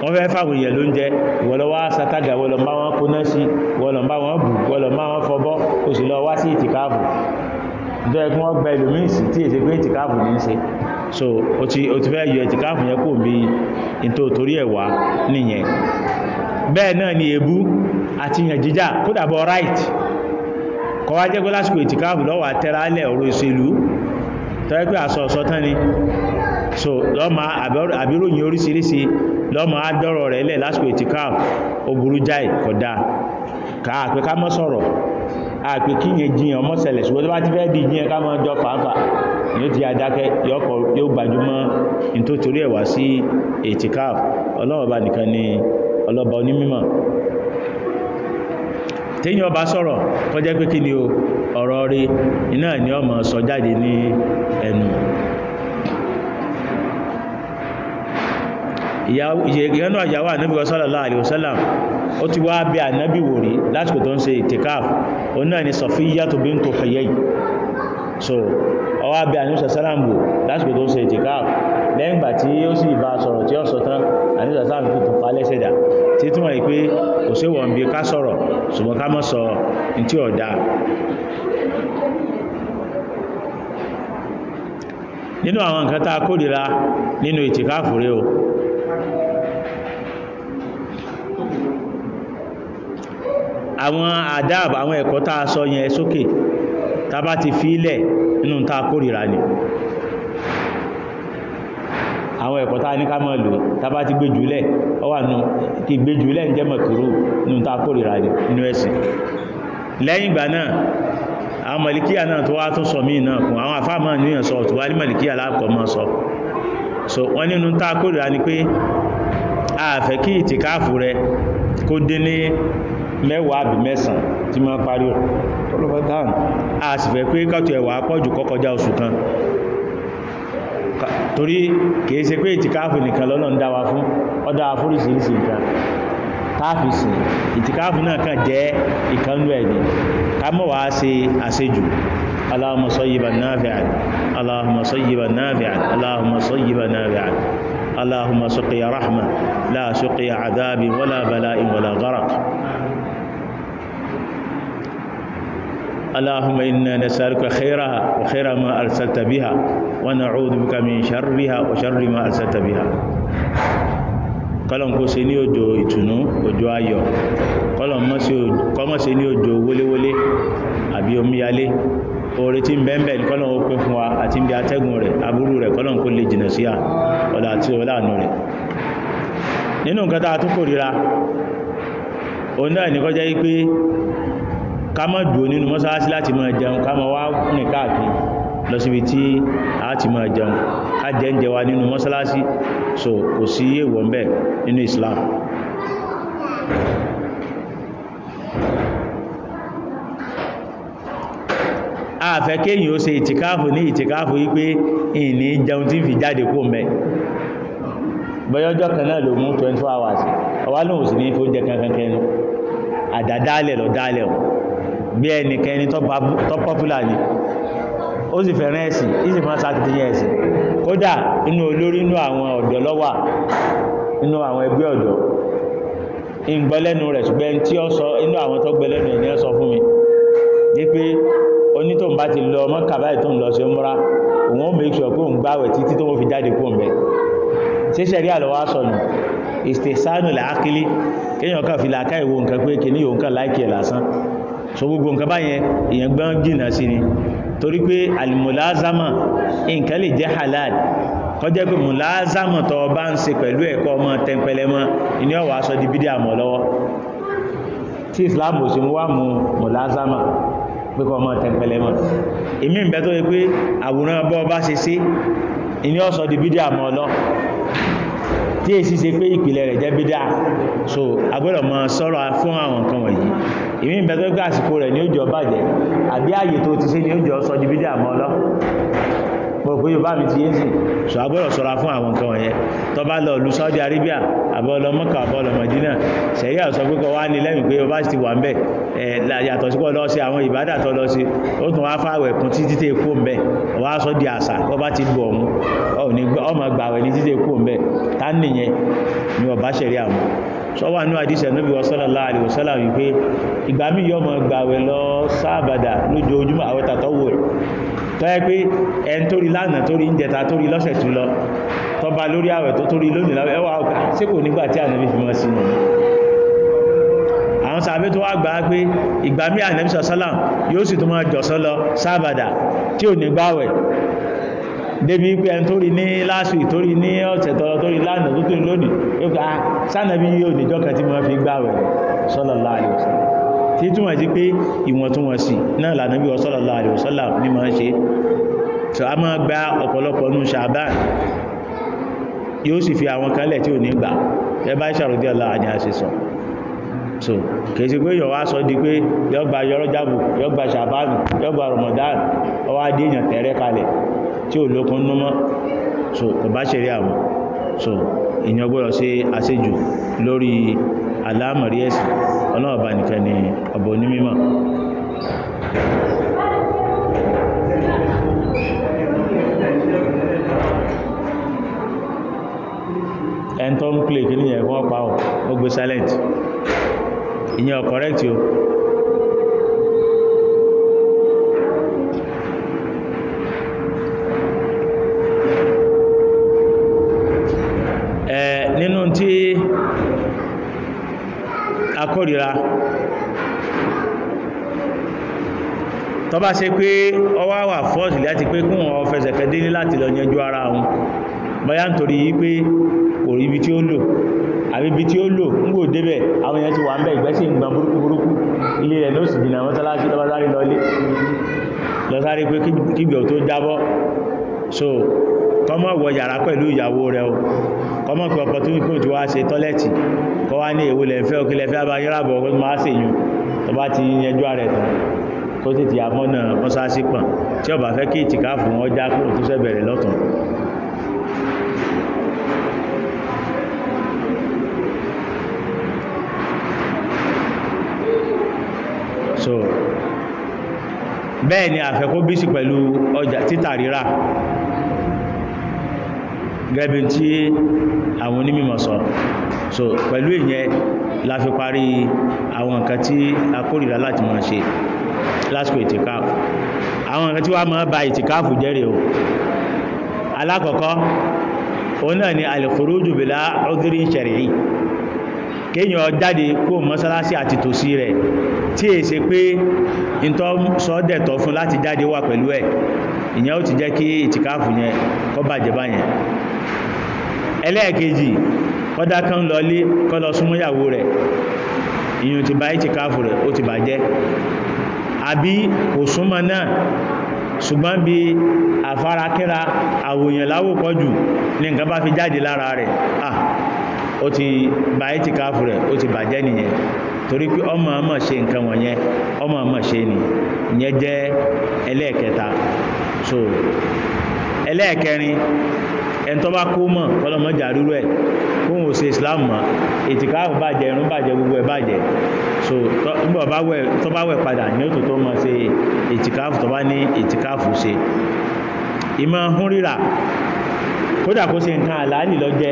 wọ́n fẹ́ fáwọn èèyàn ló ń jẹ ìwọ̀lọ́wọ́ sátága wọ́lọ̀mbá wọn kóná sí wọ́lọ̀mbá wọn bù wọ́lọ̀mbá wọn fọbọ́ ó sì lọ wá sí ìtìkáàbù tó ẹkún wọ́n gba ìlòmíì tí èsè pé ìtìkáàbù ní ṣe so o ti o ti fẹ́ yọ ìtìkáàbù yẹn kò bí ìtò torí ẹ̀ wá nìyẹn bẹ́ẹ̀ náà ni èébú àti yàn jíjà kódà bọ́ right kọ́ wá jẹ́ pé lásìkò ìtìkáàbù lọ́wọ́ àtẹ́rálẹ̀ ọ̀rọ̀ ìṣèlú tọ́ẹ́gbẹ́ àsọ̀ọ̀sọ̀ tán ni so lọ́mọ àbíròyìn oríṣiríṣi lọ́mọ adọ́rọ̀ rẹ̀ lẹ̀ lásìkò ìtìkáf ó burú jáì kódà káàpẹ́ ká mọ́ sọ̀rọ̀ àpẹ́ kí yẹn jiyàn mọ́ ṣẹlẹ̀ ṣùgbọ́n tó bá ti fẹ́ di jiyàn ká mọ́ jọ fàáfà ni ó ti adákẹ́ téyàn bá sọ̀rọ̀ kó jẹ́ pé kí ni o ọ̀rọ̀ rí iná ni ọmọ sọ jáde ní ẹnu ìyẹ́nà àyàwó ànábì sallallahu alaihi wasallam ó ti wá bí ànábì wò rí lásìkò tó ń ṣe ìtìkáàf so ọwá bí àníṣà sálàmbù lásìkò tó ń ṣe ìtìkáà lẹ́yìn ìgbà tí ó sì bá sọ̀rọ̀ tí ó sọ tán àníṣà sálàmbù tó pa lẹ́sẹ̀dà tí túmọ̀ rí pé kò sí wọ̀n bí ká sọ̀rọ̀ ṣùgbọ́n ká mọ́ sọ ní tí ọ̀dá nínú àwọn nǹkan tá a kórìíra nínú ìtìkáàfù rẹ o àwọn àdáàbà àwọn ẹ̀kọ́ tá a sọ yẹn sókè so tàbá ti fi ilẹ̀ inú ta kórìíra ni àwọn ẹ̀kọ́ tá ní ká mọ́ lò tàbá ti gbé jùlẹ̀ ọwà nù ti gbé jùlẹ̀ ń jẹ́mọ̀ kúrò inú ta kórìíra ni inú ẹ̀sìn lẹ́yìn ìgbà náà àwọn mọ̀líkíyà náà tó wá tún sọ míì náà kún àwọn àfáà níyàn sọ tó wá ní mọ̀líkíyà lápọ̀ mọ́ sọ so wọ́n nínú ta kórìíra ni pé a fẹ́ kí ìtìkáàfù rẹ kó dé ní mẹ́wàá àbí mẹ́sàn tí máa parí ọlọ́pàá a sì fẹ́ pé kàtù ẹ̀wà pọ̀jù kọkọjá oṣù kan torí kìí ṣe pé ìtìkáàfù nìkan lọ́nà ń dáwà fún ọdá afúrísìírísì nǹkan táàfì sìn ìtìkáàfù náà kàn jẹ́ ìkanlú ẹ̀dì ká mọ́ wàá ṣe àṣejù Allahumma sayyiban nafi'an Allahumma sayyiban nafi'an Allahumma sayyiban nafi'an Allahumma suqiya rahma la suqiya adhabin wala bala'in wala gharaq اللهم إنا نسألك خيرها وخير ما أرسلت بها ونعوذ بك من شرها وشر ما أرسلت بها kọlọ̀n kó ṣe ní òjò ìtùnú òjò ayọ̀ kọlọ̀n kọmọ̀ ṣe ní òjò wólewóle àbí omíyalé oore tí ń bẹ́ẹ̀bẹ̀ ní kọlọ̀n ó pín fún wa àti ibi atẹ́gùn rẹ̀ aburú rẹ̀ kọlọ̀n kó lè jìnà sí à ọ̀là àti ọláàánú rẹ̀ nínú nǹkan tá a ká má dúró nínú mọ́sálásí láti máa jẹun ká má wá rìn káàkiri lọ síbi tí a ti máa jẹun ká jẹ ń jẹwa nínú mọ́sálásí so kò sí èèwọ̀ ń bẹ̀ nínú Islam àfẹ́ kéyìn ó ṣe ìtìkáàfù ní ìtìkáàfù wípé ìní jẹun tí fi jáde kó mẹ́ bọ́yọ́jọ́ kan náà ló mú 24 hours ọwá lóhùn sí ní fóúnjẹ kankan kẹnu àdádálẹ̀ lọ dálẹ̀ ọ̀ bí ẹnìkan ẹni tó pọ́pùlà ni ó sì fẹ́ràn ẹ̀sìn ìsì máa sàtìtì yẹn ẹ̀sìn kódà inú olórí inú àwọn ọ̀dọ́ lọ́wà inú àwọn ẹgbẹ́ ọ̀dọ́ ìgbọ́lẹ́nu rẹ̀ ṣùgbẹ́ tí ó sọ inú àwọn tó gbẹ́lẹ́nu ẹ̀ ní ẹ sọ fún mi wípé onítòun bá ti lọ ọmọ kàbáyì tó ń lọ sí ọmọra òun ó make sure pé òun gbáwẹ̀ títí tó fi jáde kó mẹ́ ṣíṣẹ́ rí àlọ́wà sọnù ìstẹ̀sánù làákílí kéèyàn kàn fi làákà ìwo nǹkan pé kìíní yòókàn láìkì ẹ̀ lásán so gbogbo nǹkan báyẹn èyàn gbọ́n jìnà sí ni torí pé alìmọ̀lázámà nǹkan lè jẹ́ halal kọjẹ́ pé mọ̀lázámà tọ bá ń ṣe pẹ̀lú ẹ̀kọ́ ọmọ tẹ́mpẹlẹmọ ìní ọwà aṣọ di bídí àmọ́ lọ́wọ́ tí Islam ò sí wá mú mọ̀lázámà pé kọ ọmọ tẹ́mpẹlẹmọ èmi ń bẹ tó yẹ pé àwòrán bọ́ bá ṣe sí ìní ọ̀sọ̀ di bídí àmọ́ lọ́wọ́ tí èsì ṣe pé ìpìlẹ̀ rẹ̀ jẹ́ bídá so agbọ́dọ̀ mọ sọ́rọ̀ fún àwọn nǹkan wọ̀nyí ìmí ìbẹ̀tọ́ pé àsìkò rẹ̀ ní ó jọ bàjẹ́ àbí ààyè tó ti ṣe ní ó jọ sọ bídá mọ́ lọ pọ̀pọ̀ yóò bá mi ti yé sí so agbọ́dọ̀ sọ́ra fún àwọn nǹkan wọ̀nyẹn tó bá lọ lu Saudi Arabia àbọ̀lọ Mọ́kà àbọ̀lọ Mọ̀dínà sẹ̀yà sọ pé kọ wá ní lẹ́yìn pé o bá ti wà ń bẹ̀ yàtọ̀ sí pọ̀ lọ sí àwọn ìbádà tó lọ sí ó tún wá fáwẹ̀ kún títí tẹ́ kó ń bẹ̀ sọ di àṣà ó bá ti lù ọ̀hún ọmọ gbàwẹ̀ ní títí kó ń bẹ̀ tá nìyẹn ni ọba ṣẹ̀rí àwọn sọ́wọ́ inú àdísẹ̀ níbi sallallahu alaihi wasallam wípé ìgbà mí yọmọ gbàwẹ̀ lọ sáàbàdà lójoojúmọ́ àwẹ̀ tàtọ́wò rẹ̀ tọ́yẹ́ pé ẹn tó rí lánàá tó rí ìjẹta tó rí lọ́sẹ̀ tó lọ tọba lórí àwẹ̀ tó tó rí lónìí lọ́wọ́ ẹwà ọ̀gá sí kò nígbà tí ànábì fi mọ́ sí nù àwọn sàbẹ́ tó wá gbà á pé ìgbà mí ànábì sọ̀sọ́là yóò sì tó máa jọ̀sọ́ lọ sábàdà tí ò ní gbàwẹ̀ débi pé ẹn tó rí ní last week tó rí ní ọ̀sẹ̀ tọrọ tó rí lánàá tó tó rí lónìí yóò gbà sànàbí ah, yóò níjọ́ kan tí mo fi gbàwẹ̀ sallallahu alaihi wasallam tí túnmọ̀ sí pé ìwọ̀ntúnwọ̀nsì náà lànàbí sallallahu alaihi wasallam ní máa ṣe so a máa gba ọ̀pọ̀lọpọ̀ nú Ṣàbáàn yóò sì fi àwọn kanlẹ̀ tí ò ní gbà ẹbá ìṣàròdí ọ̀la so kìí sí pé yọ̀ wá sọ di pé yọ́gba Ramadan ọwá dé èèyàn tẹ̀rẹ́ kalẹ̀ tí ò lókun so kò bá so èyàn gbọ́dọ̀ ṣe àṣejù lórí àlámọ̀rí ẹ̀sìn ọlọ́run ọba nìkan ni ọba onímímọ̀ ẹn tó ń play kí ní ẹ̀kọ́ pa ọ̀ ó gbé silent ìyẹn correct o tó bá ṣe pé ọwá wà fọ́ọ̀sì láti pé kún ọ fẹsẹ̀fẹ́ délé láti lọ yanjú ara wọn bọ́yá nítorí wípé kò rí ibi tí ó lò àbí ibi tí ó lò ń gbò débẹ̀ àwọn èèyàn ti wà ń bẹ̀ ìgbẹ́ sí ìgbọ̀n burúkú burúkú ilé rẹ̀ ló sì dìnà mọ́sálásí lọ́básáré lọlé lọ́sáré pé kígbẹ̀ tó jábọ́ so kọmọ wọ yàrá pẹ̀lú ìyàwó rẹ̀ o kọmọ pẹ̀ opportunity tí wá ṣe tọ́lẹ̀tì kọ wá ní èwo lẹ́fẹ́ òkè lẹ́fẹ́ abáyíràbọ̀ ọgbọ́n máa ṣèyàn tó bá ti yanjú ààrẹ tán kó tètè amọ́nà mọ́sáàsì pọ̀n tí ó bá fẹ́ kí ìtìká fún wọn já kó tó fẹ́ bẹ̀rẹ̀ lọ́tọ̀ so bẹ́ẹ̀ ni àfẹ́kó bísí pẹ̀lú ọjà títà rírà gẹ́bí tí àwọn onímọ̀ sọ so pẹ̀lú ìyẹn la fi parí àwọn nǹkan tí a kórìíra láti máa ṣe lásìkò ìtìkáàfù àwọn nǹkan tí wá máa ba ìtìkáàfù jẹ́rẹ̀ o alákọ̀ọ́kọ́ òun náà ni al-khuruju bila udhri shar'i kéèyàn jáde kó mọ́sálásí àti tòsí rẹ̀ tí è ṣe pé ìntọ́ sọ́dẹ̀tọ̀ fún láti jáde wà pẹ̀lú ẹ̀ ìyẹn ó ti jẹ́ kí ìtìkáàfù yẹn kó bàjẹ́ báyẹn ẹlẹ́ẹ̀kejì kọ́dá kan lọlé kó lọ súnmọ́yàwó rẹ̀ ìyẹn ti bá ìtìkáàfù rẹ̀ ó ti bàjẹ́ àbí òsúnmọ̀ náà ṣùgbọ́n bí àfarakíra àwòyàn láwòkọ́ jù ní nǹkan bá fi jáde lára rẹ̀ ah ó ti bá ẹ́ ti káàfù rẹ̀ ó ti bàjẹ́ nìyẹn torí pé ọmọ ọmọ ṣe nǹkan wọ̀nyẹn ọmọ ọmọ ṣe ni ìyẹn jẹ́ ẹlẹ́ẹ̀kẹta so ẹlẹ́ẹ̀kẹrin ẹntọ́ bá kó mọ̀ ọlọ́mọ jàrúrú ẹ̀ fún òsè islam mọ́ ètìká bàjẹ́ irun bàjẹ́ gbogbo ẹ̀ bàjẹ́ so tọ́ bá wẹ̀ padà ní òtò tó mọ́ ṣe ètìkáfù tọ́ bá ní ètìkáfù ṣe ìmọ̀ hún ríra kódà kó ṣe nǹkan àlàálì lọ jẹ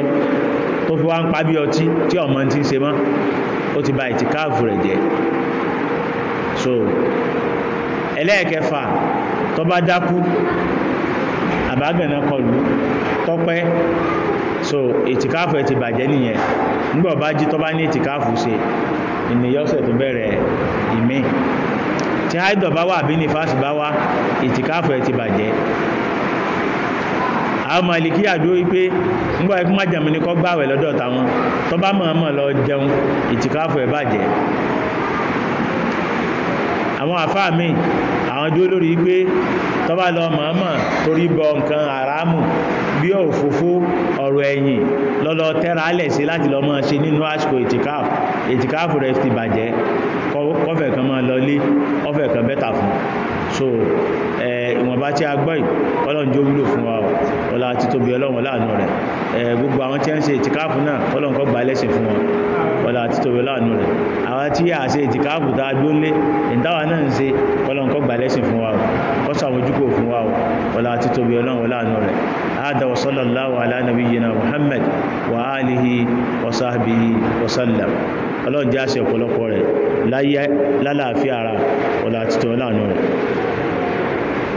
tó fi wá ń pa bí ọtí tí ọmọ ti ń ṣe mọ́ ó ti ba ètìkáfù rẹ̀ jẹ́ so ẹlẹ́ẹ̀kẹfà tọ́ bá dákú àbágbẹ̀nà kọlù tọ́pẹ́ so ètìkáàfù ẹ ti bàjẹ́ nìyẹn nígbà ọba jí tọ́ bá ní ètìkáàfù ṣe ìnìyọ́sẹ̀ tó bẹ̀rẹ̀ ìmí tí haidọ̀ bá wà bí nífàsì bá wá ètìkáàfù ẹ ti bàjẹ́ àwọn màlìkí àdúró wípé nígbà ikú májàmí ni kọ́ gbàwẹ̀ lọ́dọ̀ táwọn tọ́ bá mọ̀ọ́mọ̀ lọ jẹun ètìkáàfù ẹ bàjẹ́ àwọn àfáà míì àwọn dúó lórí pé tọ́bá lọ mọ̀ọ́mọ̀ torí bọ nǹkan àrámù bí òfófó ọ̀rọ̀ ẹ̀yìn lọ́lọ tẹ́ra lẹ̀ sí láti lọ máa ṣe nínú àsìkò ìtìkáàfù ìtìkáàfù rẹ̀ ti bàjẹ́ kọfẹ̀ kan máa lọ lé ọfẹ̀ kan bẹ́tà fún so ìwọ̀nba tí a gbọ́ yìí ọlọ́run jó wúlò fún wa ọlá àti tóbi ọlọ́run láàánú rẹ̀ gbogbo àwọn tí ń ṣe ìtìkáàfù náà ọlọ́run kó gba ẹlẹ́sìn fún wọn ọlá àti tóbi láàánú rẹ̀ àwọn tí a ṣe ìtìkáàfù tá a gbólé ìdáwà náà ń ṣe ọlọ́run kó gba ẹlẹ́sìn fún wa kọ́sọ̀ àwọn ojúkò fún wa ọlá àti tóbi ọlọ́run láàánú rẹ̀ هذا وصلى الله على نبينا محمد وآله وصحبه وسلم ọlọ́run jẹ́ àṣẹ ọ̀pọ̀lọpọ̀ rẹ̀ láyé lálàáfíà ara ọ̀là àtìtò